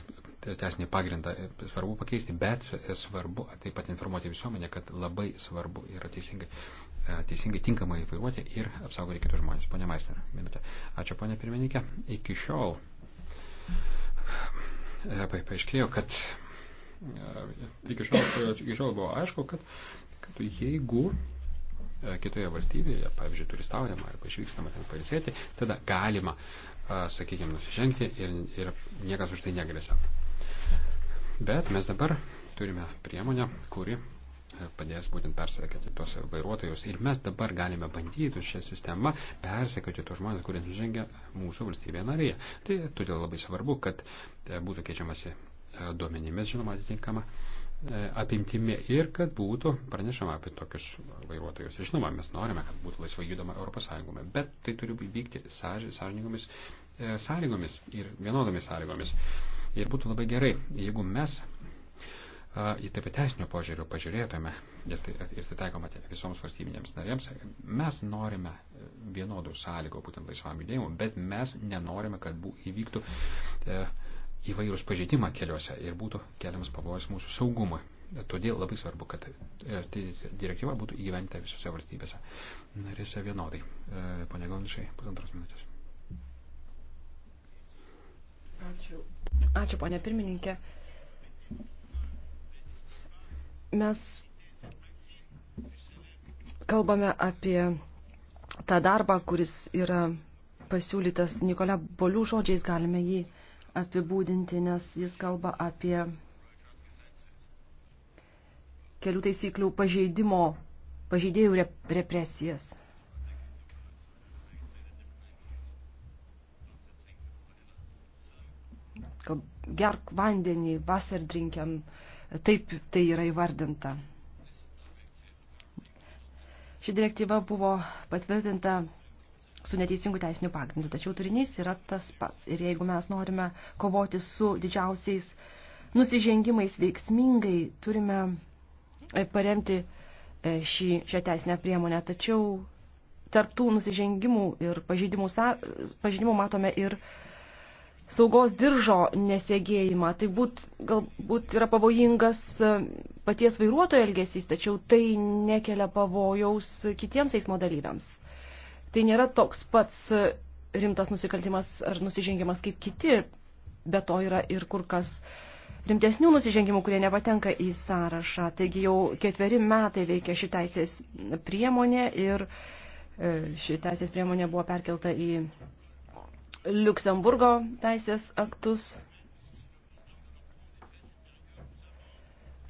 teisinį pagrindą e, svarbu pakeisti, bet e, svarbu taip pat informuoti visuomenę, kad labai svarbu yra teisingai, teisingai tinkamai vairuoti ir apsaugoti kitus žmonės. Pone Maister, minutė. Ačiū, pone pirmininkė. Iki šiol paaiškėjo, kad iki šiol, iki šiol buvo aišku, kad, kad jeigu kitoje valstybėje, pavyzdžiui, turistaujama arba išvykstama ten pailsėti, tada galima sakykime, nusižengti ir, ir niekas už tai negrėsia. Bet mes dabar turime priemonę, kuri e, padės būtent persekėti tuos vairuotojus. Ir mes dabar galime bandyti šią sistemą persekėti tuos žmonės, kurie nužengia mūsų valstybėje narėje. Tai todėl labai svarbu, kad e, būtų keičiamasi e, duomenimis, žinoma, atitinkama. E, apimtimi ir kad būtų pranešama apie tokius vairuotojus. Žinoma, mes norime, kad būtų laisvai judama Europos Sąjungoje, bet tai turi vykti sąžiningomis e, sąlygomis ir vienodomis sąlygomis. Ir būtų labai gerai, jeigu mes į taip teisinio požiūrių pažiūrėtume ir tai, ir tai taikoma visoms valstybinėms narėms, mes norime vienodų sąlygų būtent laisvam judėjimui, bet mes nenorime, kad bū, įvyktų. E, įvairūs pažeidimą keliuose ir būtų keliamas pavojus mūsų saugumui. Todėl labai svarbu, kad e, tai direktyva būtų įgyventa visose valstybėse. Narėse vienodai. E, Pane Galnišai, pusantros minutės. Ačiū. Ačiū, ponė pirmininkė. Mes kalbame apie tą darbą, kuris yra pasiūlytas Nikola Bolių žodžiais, galime jį uh, apibūdinti, nes jis kalba apie kelių taisyklių pažeidimo, pažeidėjų represijas. Gerk vandenį, vasardrinkiam, taip tai yra įvardinta. Ši direktyva buvo patvirtinta su neteisingu teisiniu pagrindu, tačiau turinys yra tas pats. Ir jeigu mes norime kovoti su didžiausiais nusižengimais veiksmingai, turime e, paremti e, šį, šią teisinę priemonę. Tačiau tarptų nusižengimų ir pažeidimų, pažeidimų matome ir saugos diržo nesėgėjimą. Tai būt, galbūt yra pavojingas e, paties vairuotojo elgesys, tačiau tai nekelia pavojaus kitiems eismo dalyviams tai nėra toks pats e, rimtas nusikaltimas ar nusižengimas kaip kiti, bet to yra ir kur kas rimtesnių nusižengimų, kurie nepatenka į sąrašą. Taigi jau ketveri metai veikia ši teisės priemonė ir e, ši teisės priemonė buvo perkelta į Luksemburgo teisės aktus.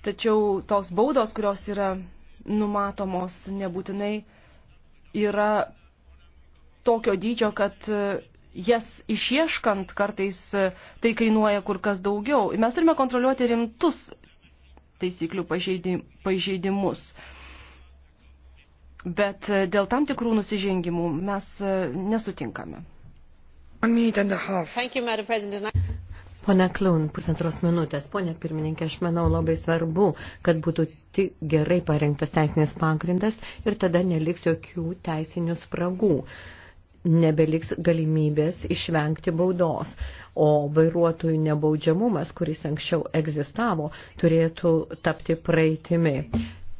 Tačiau tos baudos, kurios yra numatomos, nebūtinai yra tokio dydžio, kad e, jas išieškant kartais e, tai kainuoja kur kas daugiau. Mes turime kontroliuoti rimtus taisyklių pažeidimus. Bet e, dėl tam tikrų nusižengimų mes nesutinkame. Pone Klaun, pusantros minutės. Pone pirmininkė, aš manau labai svarbu, kad būtų gerai parengtas teisinis pagrindas ir tada neliks jokių teisinių spragų. Uh, nebeliks galimybės išvengti baudos, o vairuotojų nebaudžiamumas, kuris anksčiau egzistavo, turėtų tapti praeitimi.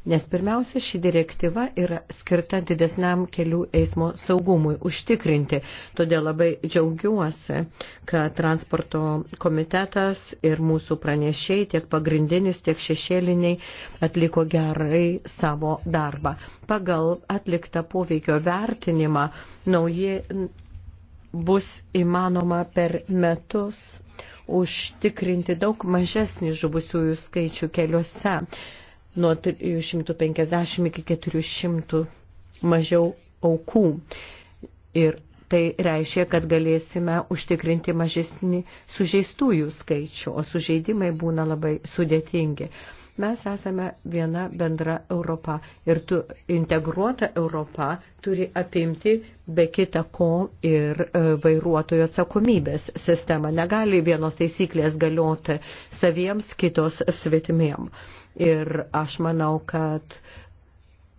Nes pirmiausia, ši direktyva yra skirta didesniam kelių eismo saugumui užtikrinti. Todėl labai džiaugiuosi, kad transporto komitetas ir mūsų pranešiai, tiek pagrindinis, tiek šešėliniai, atliko gerai savo darbą. Pagal atliktą poveikio vertinimą nauji bus įmanoma per metus užtikrinti daug mažesnį žuvusiųjų skaičių keliuose nuo 350 iki 400 mažiau aukų. Ir tai reiškia, kad galėsime užtikrinti mažesnį sužeistųjų skaičių, o sužeidimai būna labai sudėtingi. Mes esame viena bendra Europa ir tu, integruota Europa turi apimti be kita ko ir e, vairuotojo atsakomybės sistemą. Negali vienos taisyklės galioti saviems, kitos svetimiem. Ir aš manau, kad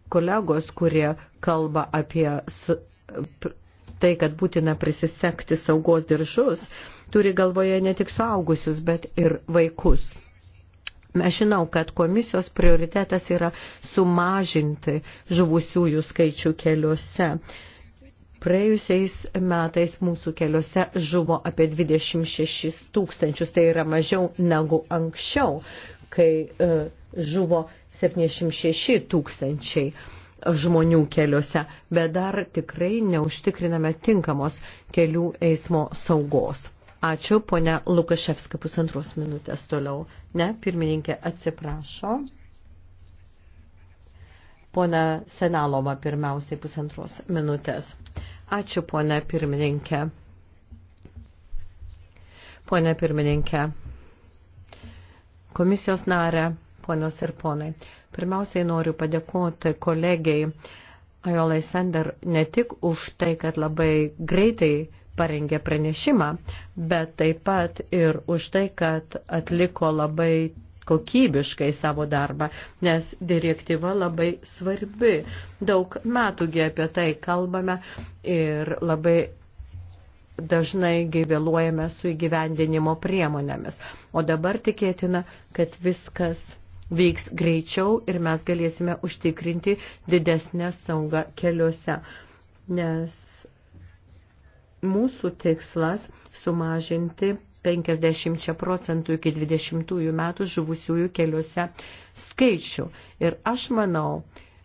kolegos, kurie kalba apie tai, kad būtina prisisekti saugos diržus, turi galvoje ne tik suaugusius, bet ir vaikus. Mes žinau, kad komisijos prioritetas yra sumažinti žuvusiųjų skaičių keliuose. Praėjusiais metais mūsų keliuose žuvo apie 26 tūkstančius, tai yra mažiau negu anksčiau kai e, žuvo 76 tūkstančiai žmonių keliuose, bet dar tikrai neužtikriname tinkamos kelių eismo saugos. Ačiū, ponia Lukaševska, pusantros minutės toliau. Ne, pirmininkė atsiprašo. Pone Senaloma, pirmiausiai pusantros minutės. Ačiū, ponia pirmininkė. Pone pirmininkė komisijos narę, ponios ir ponai. Pirmiausiai noriu padėkoti kolegiai Ajolai Sender ne tik už tai, kad labai greitai parengė pranešimą, bet taip pat ir už tai, kad atliko labai kokybiškai savo darbą, nes direktyva labai svarbi. Daug metųgi apie tai kalbame ir labai dažnai gyvėluojame su įgyvendinimo priemonėmis. O dabar tikėtina, kad viskas veiks greičiau ir mes galėsime užtikrinti didesnę saugą keliuose. Nes mūsų tikslas sumažinti 50 procentų iki 20 metų žuvusiųjų keliuose skaičių. Ir aš manau,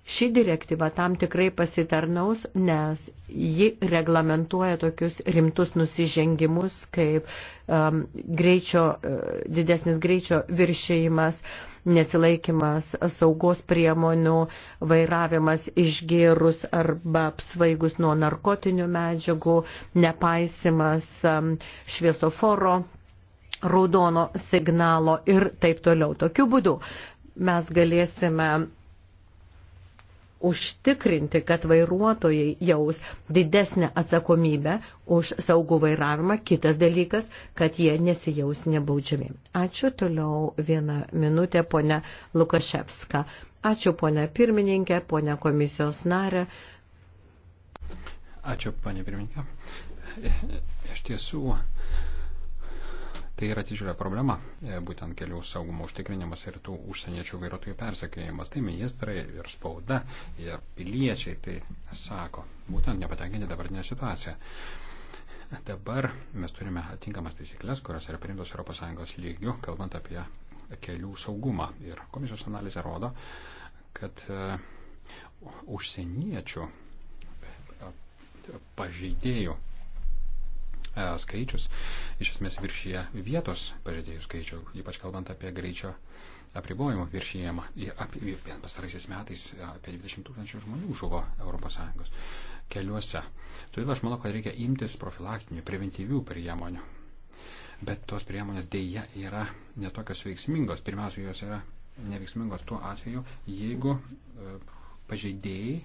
Ši direktyva tam tikrai pasitarnaus, nes ji reglamentuoja tokius rimtus nusižengimus, kaip um, greičio, uh, didesnis greičio viršėjimas, nesilaikimas saugos priemonių, vairavimas išgėrus arba apsvaigus nuo narkotinių medžiagų, nepaisimas um, šviesoforo raudono signalo ir taip toliau. Tokiu būdu mes galėsime užtikrinti, kad vairuotojai jaus didesnę atsakomybę už saugų vairavimą. Kitas dalykas, kad jie nesijaus nebaudžiami. Ačiū toliau vieną minutę, ponia Lukaševska. Ačiū, ponia pirmininkė, ponia komisijos narė. Ačiū, ponia pirmininkė. Iš tiesų, Tai yra didžiulė problema, e, būtent kelių saugumo užtikrinimas ir tų užsieniečių vairuotojų persekėjimas. Tai ministrai ir spauda ir piliečiai tai sako, būtent nepatenkinti dabartinę situaciją. Dabar mes turime atinkamas taisyklės, kurios yra priimtos ES lygių, kalbant apie kelių saugumą. Ir komisijos analizė rodo, kad e, užsieniečių e, pažeidėjų E, skaičius iš esmės viršyje vietos pažeidėjų skaičių, ypač kalbant apie greičio apribojimų viršyjimą. Apie pastaraisiais metais e, apie 20 tūkstančių žmonių žuvo ES keliuose. Todėl aš manau, kad reikia imtis profilaktinių, preventyvių priemonių. Bet tos priemonės dėja yra netokios veiksmingos. Pirmiausia, jos yra neveiksmingos tuo atveju, jeigu e, pažeidėjai,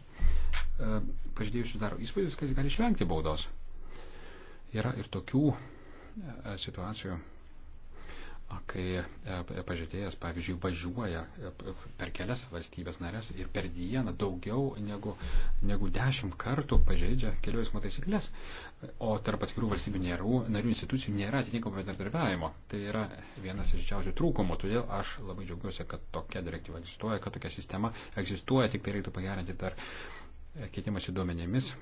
pažeidėjus sudaro įspūdis, kad jis gali išvengti baudos. Yra ir tokių e, situacijų, kai e, pažeidėjas, pavyzdžiui, važiuoja e, per kelias valstybės narės ir per dieną daugiau negu, negu dešimt kartų pažeidžia kelių eismo taisyklės, o tarp atskirų valstybių nėra, narių institucijų nėra atitinkamo bendradarbiavimo. Tai yra vienas iš didžiausių trūkumų, todėl aš labai džiaugiuosi, kad tokia direktyva egzistuoja, kad tokia sistema egzistuoja, tik tai reiktų pagerinti dar keitimąsi duomenėmis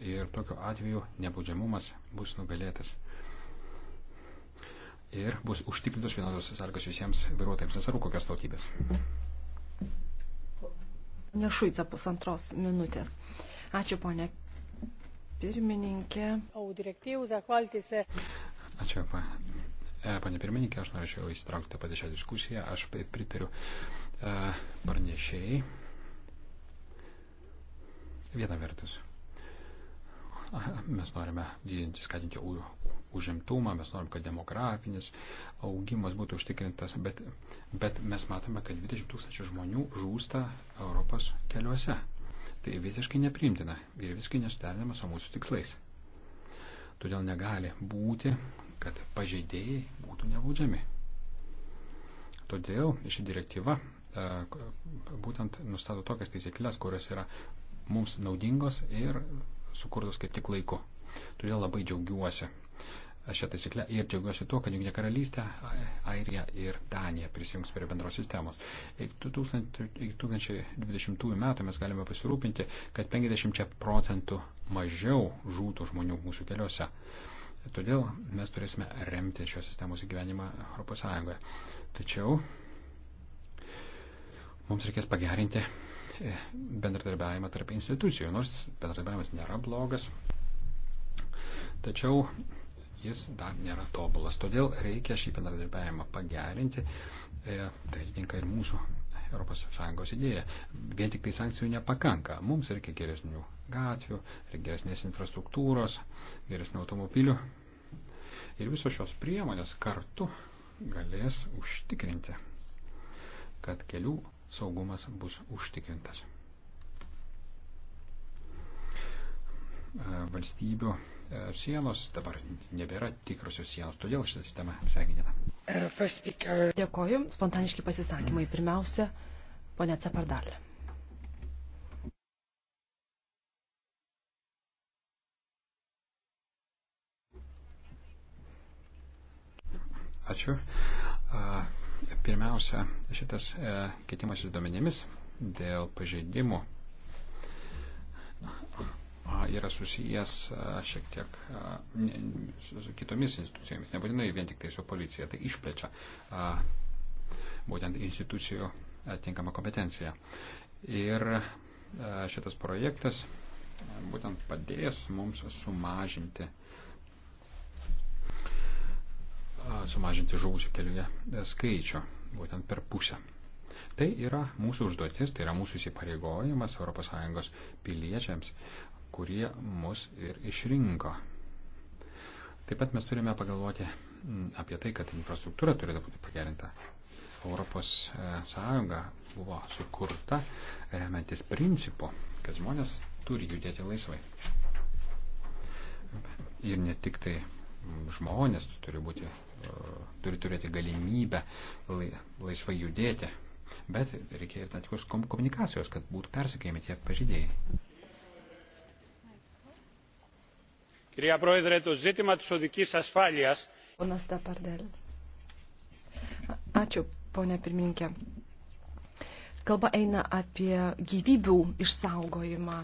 ir tokiu atveju nebaudžiamumas bus nugalėtas. Ir bus užtikrintos vienodos sąlygos visiems vairuotojams, nesvarbu kokios tautybės. Nešuica pusantros minutės. Ačiū, ponė pirmininkė. O direktyvų zahvalti se. Ačiū, pa. E, Pane pirmininkė, aš norėčiau įsitraukti tą patį šią diskusiją. Aš pritariu e, pranešėjai. Viena vertus. Mes norime didinti, skatinti užimtumą, mes norim, kad demografinis augimas būtų užtikrintas, bet, bet mes matome, kad 20 tūkstančių žmonių žūsta Europos keliuose. Tai visiškai neprimtina ir visiškai nesuderinama su mūsų tikslais. Todėl negali būti, kad pažeidėjai būtų nebaudžiami. Todėl ši direktyva e, būtent nustato tokias taisyklės, kurios yra mums naudingos ir sukurtos kaip tik laiku. Todėl labai džiaugiuosi šią taisyklę ir džiaugiuosi tuo, kad Junkinė karalystė, Airija ir Danija prisijungs prie bendros sistemos. Iki 2020 metų mes galime pasirūpinti, kad 50 procentų mažiau žūtų žmonių mūsų keliuose. Todėl mes turėsime remti šios sistemos įgyvenimą ES. Tačiau mums reikės pagerinti bendradarbiavimą tarp institucijų, nors bendradarbiavimas nėra blogas, tačiau jis dar nėra tobulas. Todėl reikia šį bendradarbiavimą pagerinti, e, tai tinka ir mūsų ES idėja. Vien tik tai sankcijų nepakanka. Mums reikia geresnių gatvių, geresnės infrastruktūros, geresnių automobilių. Ir visos šios priemonės kartu galės užtikrinti, kad kelių saugumas bus užtikrintas. E, valstybių e, sienos dabar nebėra tikrosios sienos, todėl šitą sistemą sveikinina. Uh, Dėkoju. Spontaniški pasisakymai. Mhm. Pirmiausia, ponia Cepardalė. Ačiū. E, Pirmiausia, šitas e, keitimasis duomenimis dėl pažeidimų yra susijęs šiek tiek su kitomis institucijomis, nebūtinai vien tik tai su policija, tai išplečia būtent institucijų tinkamą kompetenciją. Ir šitas projektas būtent padės mums sumažinti sumažinti žuvusių keliuje e, skaičių, būtent per pusę. Tai yra mūsų užduotis, tai yra mūsų įsipareigojimas ES piliečiams, kurie mus ir išrinko. Taip pat mes turime pagalvoti apie tai, kad infrastruktūra turėtų būti pagerinta. Europos e, Sąjunga buvo sukurta remiantis principu, kad žmonės turi judėti laisvai. Ir ne tik tai žmonės turi, būti, e, turi turėti galimybę laisvai judėti, bet reikia ir tam tikros komunikacijos, kad būtų persikėjami tie pažydėjai. Κυρία Πρόεδρε, το ζήτημα της οδικής ασφάλειας... Ponas Tapardel. Ačiū, ponė pirmininkė. Kalba eina apie gyvybių išsaugojimą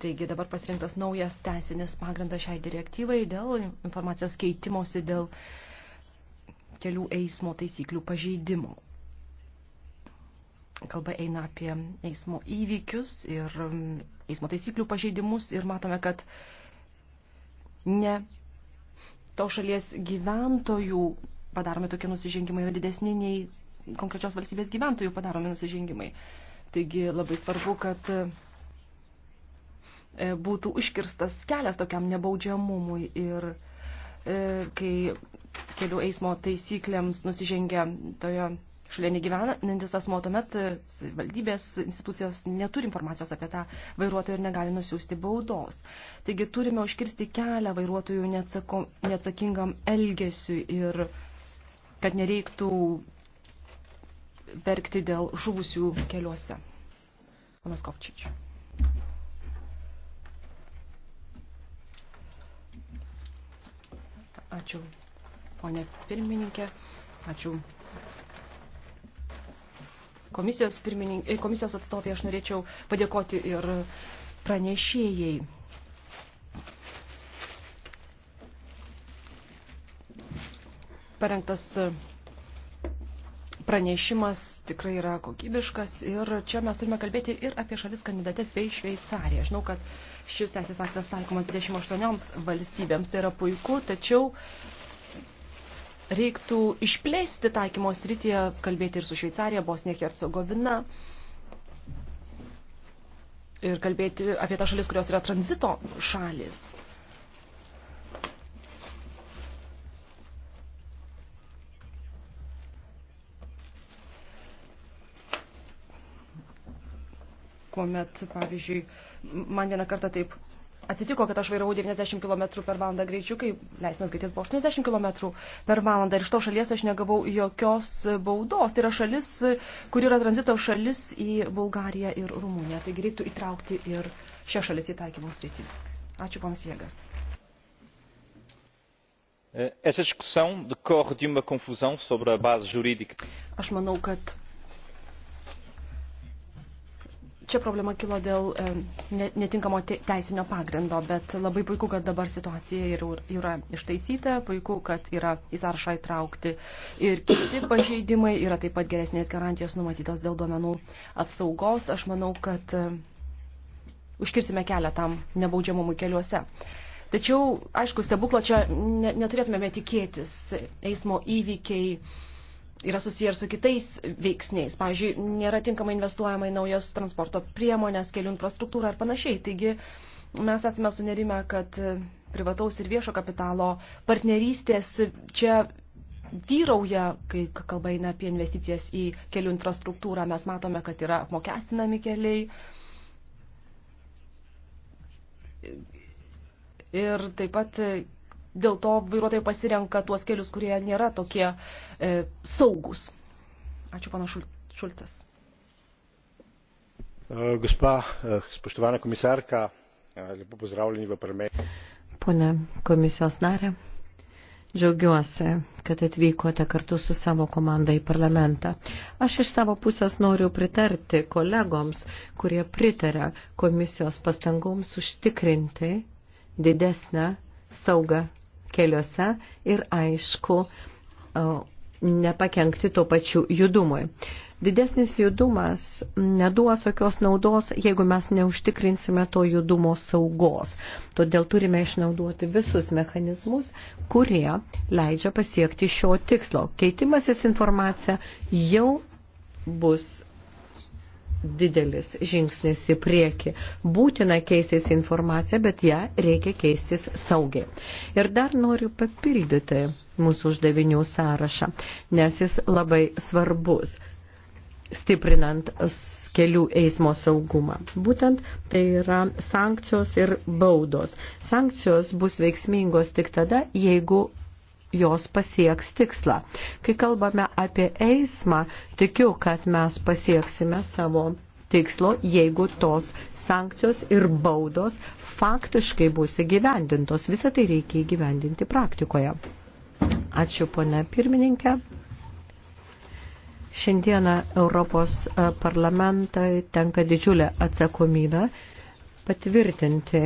Taigi dabar pasirinktas naujas teisinis pagrindas šiai direktyvai dėl informacijos keitimosi, dėl kelių eismo taisyklių pažeidimo. Kalba eina apie eismo įvykius ir mm, eismo taisyklių pažeidimus ir matome, kad ne to šalies gyventojų padaromi tokie nusižengimai yra didesni nei konkrečios valstybės gyventojų padaromi nusižengimai. Taigi labai svarbu, kad E, būtų užkirstas kelias tokiam nebaudžiamumui ir e, kai kelių eismo taisyklėms nusižengia toje šalia negyvenantis asmo, tuomet e, valdybės institucijos neturi informacijos apie tą vairuotoją ir negali nusiųsti baudos. Taigi turime užkirsti kelią vairuotojų neatsako, neatsakingam elgesiui ir kad nereiktų verkti dėl žuvusių keliuose. Panas Kopčičius. Ačiū, ponė pirmininkė. Ačiū. Komisijos, pirmininkė, e, komisijos atstovė, aš norėčiau padėkoti ir pranešėjai. Parengtas pranešimas tikrai yra kokybiškas ir čia mes turime kalbėti ir apie šalis kandidates bei Šveicariją. Žinau, kad šis teisės aktas taikomas 28 valstybėms, tai yra puiku, tačiau reiktų išplėsti taikymo srityje, kalbėti ir su Šveicarija, Bosnija, Hercegovina ir kalbėti apie tą šalis, kurios yra tranzito šalis. kuomet, pavyzdžiui, man vieną kartą taip atsitiko, kad aš vairavau 90 km per valandą greičiu, kai leistinas greitis buvo 80 km per valandą ir iš to šalies aš negavau jokios baudos. Tai yra šalis, kur yra tranzito šalis į Bulgariją ir Rumuniją. Taigi reiktų įtraukti ir šią šalis į taikymą sritį. Ačiū, ponas Viegas. Essa discussão decorre de uma confusão sobre a base jurídica. Aš manau, kad čia problema kilo dėl e, netinkamo teisinio pagrindo, bet labai puiku, kad dabar situacija yra ištaisyta, puiku, kad yra į sąrašą įtraukti ir kiti pažeidimai, yra taip pat geresnės garantijos numatytos dėl duomenų apsaugos. Aš manau, kad e, užkirsime kelią tam nebaudžiamumui keliuose. Tačiau, aišku, stebuklo čia neturėtumėme tikėtis. Eismo įvykiai yra susiję ir su kitais veiksniais. Pavyzdžiui, nėra tinkamai investuojama į naujas transporto priemonės, kelių infrastruktūrą ir panašiai. Taigi mes esame sunerime, kad privataus ir viešo kapitalo partnerystės čia vyrauja, kai kalba eina apie investicijas į kelių infrastruktūrą. Mes matome, kad yra apmokestinami keliai. Ir taip pat dėl to vairuotojai pasirenka tuos kelius, kurie nėra tokie e, saugus. Ačiū, pana Šultas. E, gospa, e, spoštovana komisarka, e, lepo pozdravljeni v parlamentu. Pone komisijos narė, džiaugiuosi, kad atvykote kartu su savo komanda į parlamentą. Aš iš savo pusės noriu pritarti kolegoms, kurie pritaria komisijos pastangoms užtikrinti didesnę saugą keliuose ir aišku nepakenkti to pačiu judumui. Didesnis judumas neduos jokios naudos, jeigu mes neužtikrinsime to judumo saugos. Todėl turime išnaudoti visus mechanizmus, kurie leidžia pasiekti šio tikslo. Keitimasis informacija jau bus didelis žingsnis į priekį. Būtina keistis informaciją, bet ją reikia keistis saugiai. Ir dar noriu papildyti mūsų uždavinių sąrašą, nes jis labai svarbus stiprinant kelių eismo saugumą. Būtent tai yra sankcijos ir baudos. Sankcijos bus veiksmingos tik tada, jeigu jos pasieks tikslą. Kai kalbame apie eismą, tikiu, kad mes pasieksime savo tikslo, jeigu tos sankcijos ir baudos faktiškai bus įgyvendintos. Visą tai reikia įgyvendinti praktikoje. Ačiū, pone pirmininkė. Šiandieną Europos e, parlamentai tenka didžiulę atsakomybę patvirtinti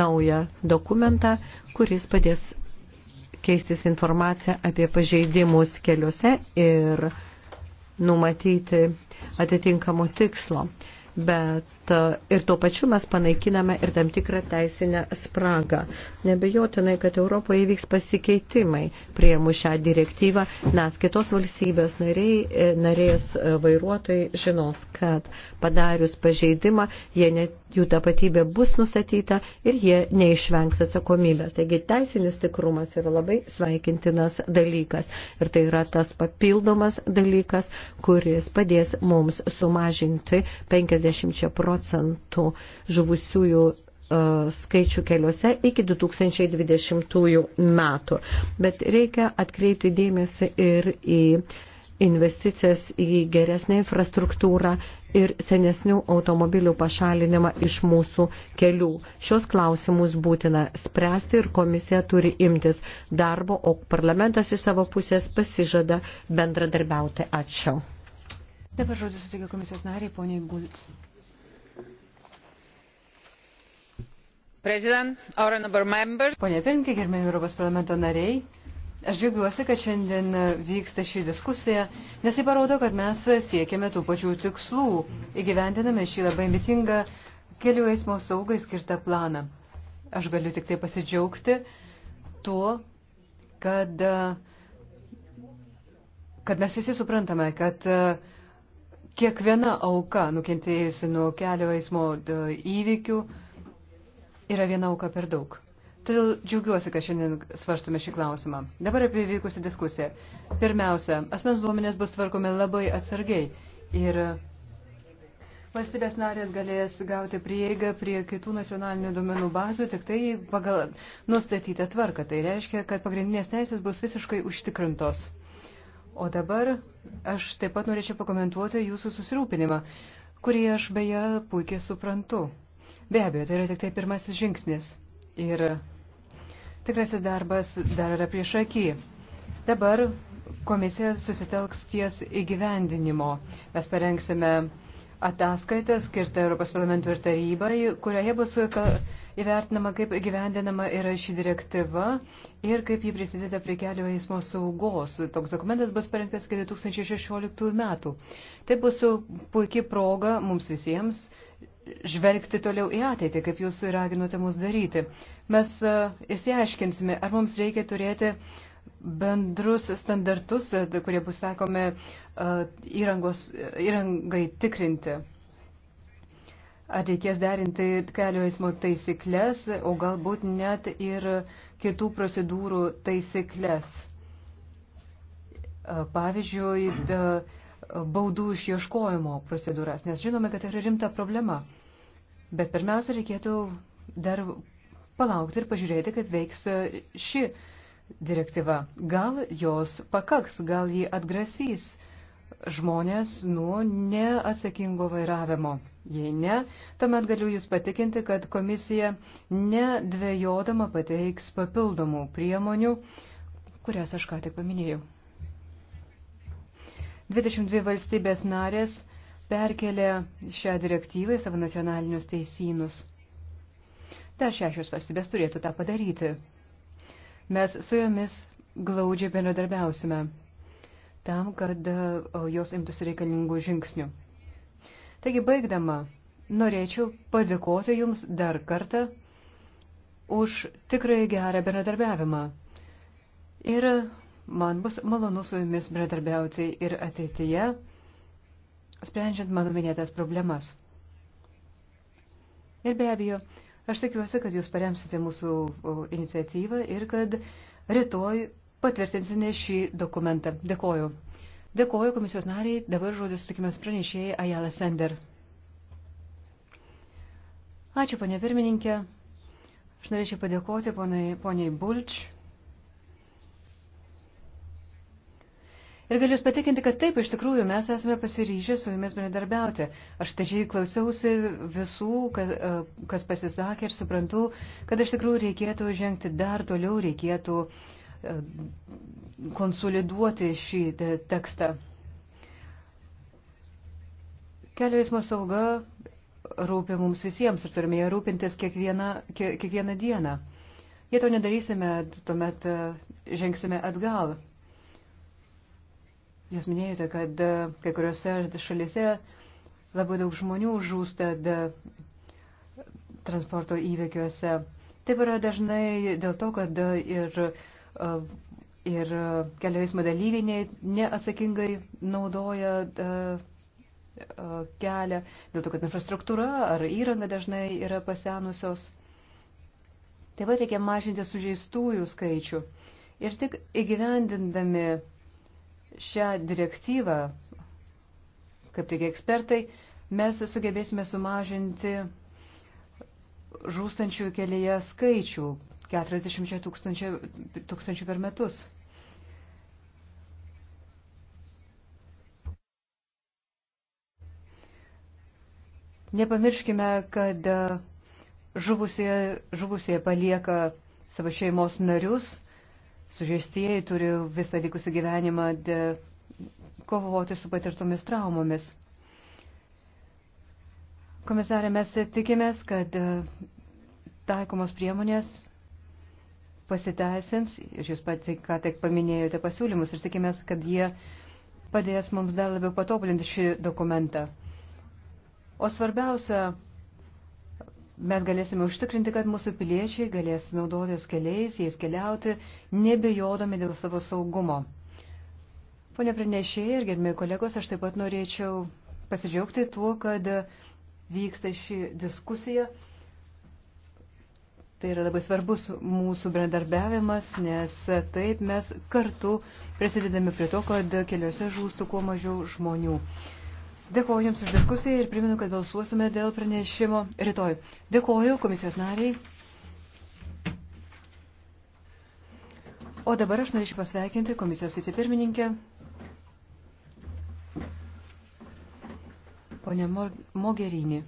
naują dokumentą, kuris padės keistis informaciją apie pažeidimus keliuose ir numatyti atitinkamo tikslo. Bet kad e, ir tuo pačiu mes panaikiname ir tam tikrą teisinę spragą. Nebejotinai, kad Europoje įvyks pasikeitimai prieimu šią direktyvą, nes kitos valstybės nariai, e, narės e, vairuotojai žinos, kad padarius pažeidimą, jie net, jų tapatybė bus nustatyta ir jie neišvengs atsakomybės. Taigi teisinis tikrumas yra labai sveikintinas dalykas ir tai yra tas papildomas dalykas, kuris padės mums sumažinti 50 procentų procentų žuvusiųjų e, skaičių keliuose iki 2020 metų. Bet reikia atkreipti dėmesį ir į investicijas į geresnę infrastruktūrą ir senesnių automobilių pašalinimą iš mūsų kelių. Šios klausimus būtina spręsti ir komisija turi imtis darbo, o parlamentas iš savo pusės pasižada bendradarbiauti. Ačiū. Dabar žodis suteikia komisijos nariai, poniai Bulc. Pone Pirinkė, gerbėjai Europos parlamento nariai, Aš džiaugiuosi, kad šiandien vyksta ši diskusija, nes tai parodo, kad mes siekiame tų pačių tikslų, įgyvendiname šį labai ambicingą kelių eismo saugai skirtą planą. Aš galiu tik tai pasidžiaugti tuo, kad, kad mes visi suprantame, kad kiekviena auka nukentėjusi nuo kelio eismo e, įvykių, yra viena auka per daug. Todėl džiaugiuosi, kad šiandien svarstume šį klausimą. Dabar apie vykusią diskusiją. Pirmiausia, asmens duomenės bus tvarkomi labai atsargiai ir valstybės narės galės gauti prieigą prie kitų nacionalinių duomenų bazių tik tai pagal nustatytą tvarką. Tai reiškia, kad pagrindinės teisės bus visiškai užtikrintos. O dabar aš taip pat norėčiau pakomentuoti jūsų susirūpinimą, kurį aš beje puikiai suprantu. Be abejo, tai yra tik tai pirmasis žingsnis. Ir tikrasis darbas dar yra prieš akį. Dabar komisija susitelks ties įgyvendinimo. Mes parengsime ataskaitą skirtą Europos parlamentų ir tarybai, kurioje bus įvertinama, kaip gyvendinama yra ši direktyva ir kaip ji prisideda prie kelio eismo saugos. Toks dokumentas bus parengtas iki 2016 metų. Tai bus puikiai proga mums visiems žvelgti toliau į ateitį, kaip jūs raginote mus daryti. Mes įsiaiškinsime, e, ar mums reikia turėti bendrus standartus, e, kurie bus sakomi e, įrangos, įrangai tikrinti. Ar reikės derinti kelio eismo taisyklės, o galbūt net ir kitų procedūrų taisyklės. Pavyzdžiui, baudų išieškojimo procedūras, nes žinome, kad tai yra rimta problema. Bet pirmiausia, reikėtų dar palaukti ir pažiūrėti, kaip veiks ši direktyva. Gal jos pakaks, gal jį atgrasys žmonės nuo neatsakingo vairavimo. Jei ne, tuomet galiu Jūs patikinti, kad komisija nedvėjodama pateiks papildomų priemonių, kurias aš ką tik paminėjau. 22 valstybės narės perkelė šią direktyvą į savo nacionalinius teisynus. Dar šešios valstybės turėtų tą padaryti. Mes su jomis glaudžiai bendradarbiausime tam, kad e, jos imtųsi reikalingų žingsnių. Taigi, baigdama, norėčiau padėkoti Jums dar kartą už tikrai gerą bendradarbiavimą. Ir man bus malonu su Jumis bendradarbiauti ir ateityje, sprendžiant mano minėtas problemas. Ir be abejo, aš tikiuosi, kad Jūs paremsite mūsų iniciatyvą ir kad rytoj patvirtinsime šį dokumentą. Dėkoju. Dėkoju komisijos nariai. Dabar žodis sutikimas pranešėjai Ajala Sender. Ačiū, ponė pirmininkė. Aš norėčiau padėkoti poniai, poniai Bulč. Ir galiu jūs patikinti, kad taip, iš tikrųjų, mes esame pasiryžę su jumis bendradarbiauti. Aš tačiai klausiausi visų, kas, e, kas pasisakė ir suprantu, kad iš tikrųjų reikėtų žengti dar toliau, reikėtų uh, E, konsoliduoti šį tekstą. Kelio eismo sauga rūpia mums visiems ir turime ją rūpintis kiekvieną, kiekvieną dieną. Jei to nedarysime, tuomet e, žengsime atgal. Jūs minėjote, kad e, kai kuriuose šalise labai daug žmonių žūsta transporto įvykiuose. Taip yra dažnai dėl to, kad ir ir kelio eismo dalyviai neatsakingai naudoja kelią, dėl to, kad infrastruktūra ar įranga dažnai yra pasenusios. Taip pat reikia mažinti sužeistųjų skaičių. Ir tik įgyvendindami šią direktyvą, kaip tik ekspertai, mes sugebėsime sumažinti žūstančių kelyje skaičių, 40 tūkstančių, tūkstančių per metus. Nepamirškime, kad e, žuvusie, žuvusie palieka savo šeimos narius, sužeistieji turi visą likusį gyvenimą kovoti su patirtomis traumomis. Komisarė, mes tikimės, kad e, taikomos priemonės pasiteisins ir jūs pati tai ką tik paminėjote pasiūlymus ir tikimės, kad jie padės mums dar labiau patobulinti šį dokumentą. O svarbiausia, mes galėsime užtikrinti, kad mūsų piliečiai galės naudotis keliais, jais keliauti, nebejodami dėl savo saugumo. Pone pranešėjai ir gerbėjai kolegos, aš taip pat norėčiau pasidžiaugti tuo, kad vyksta ši diskusija Tai yra labai svarbus mūsų bendarbiavimas, nes taip mes kartu prisidedame prie to, kad keliuose žūstų kuo mažiau žmonių. Dėkuoju Jums už diskusiją ir priminu, kad balsuosime dėl pranešimo rytoj. Dėkuoju komisijos nariai. O dabar aš norėčiau pasveikinti komisijos vicepirmininkę. Pone Mogerinį.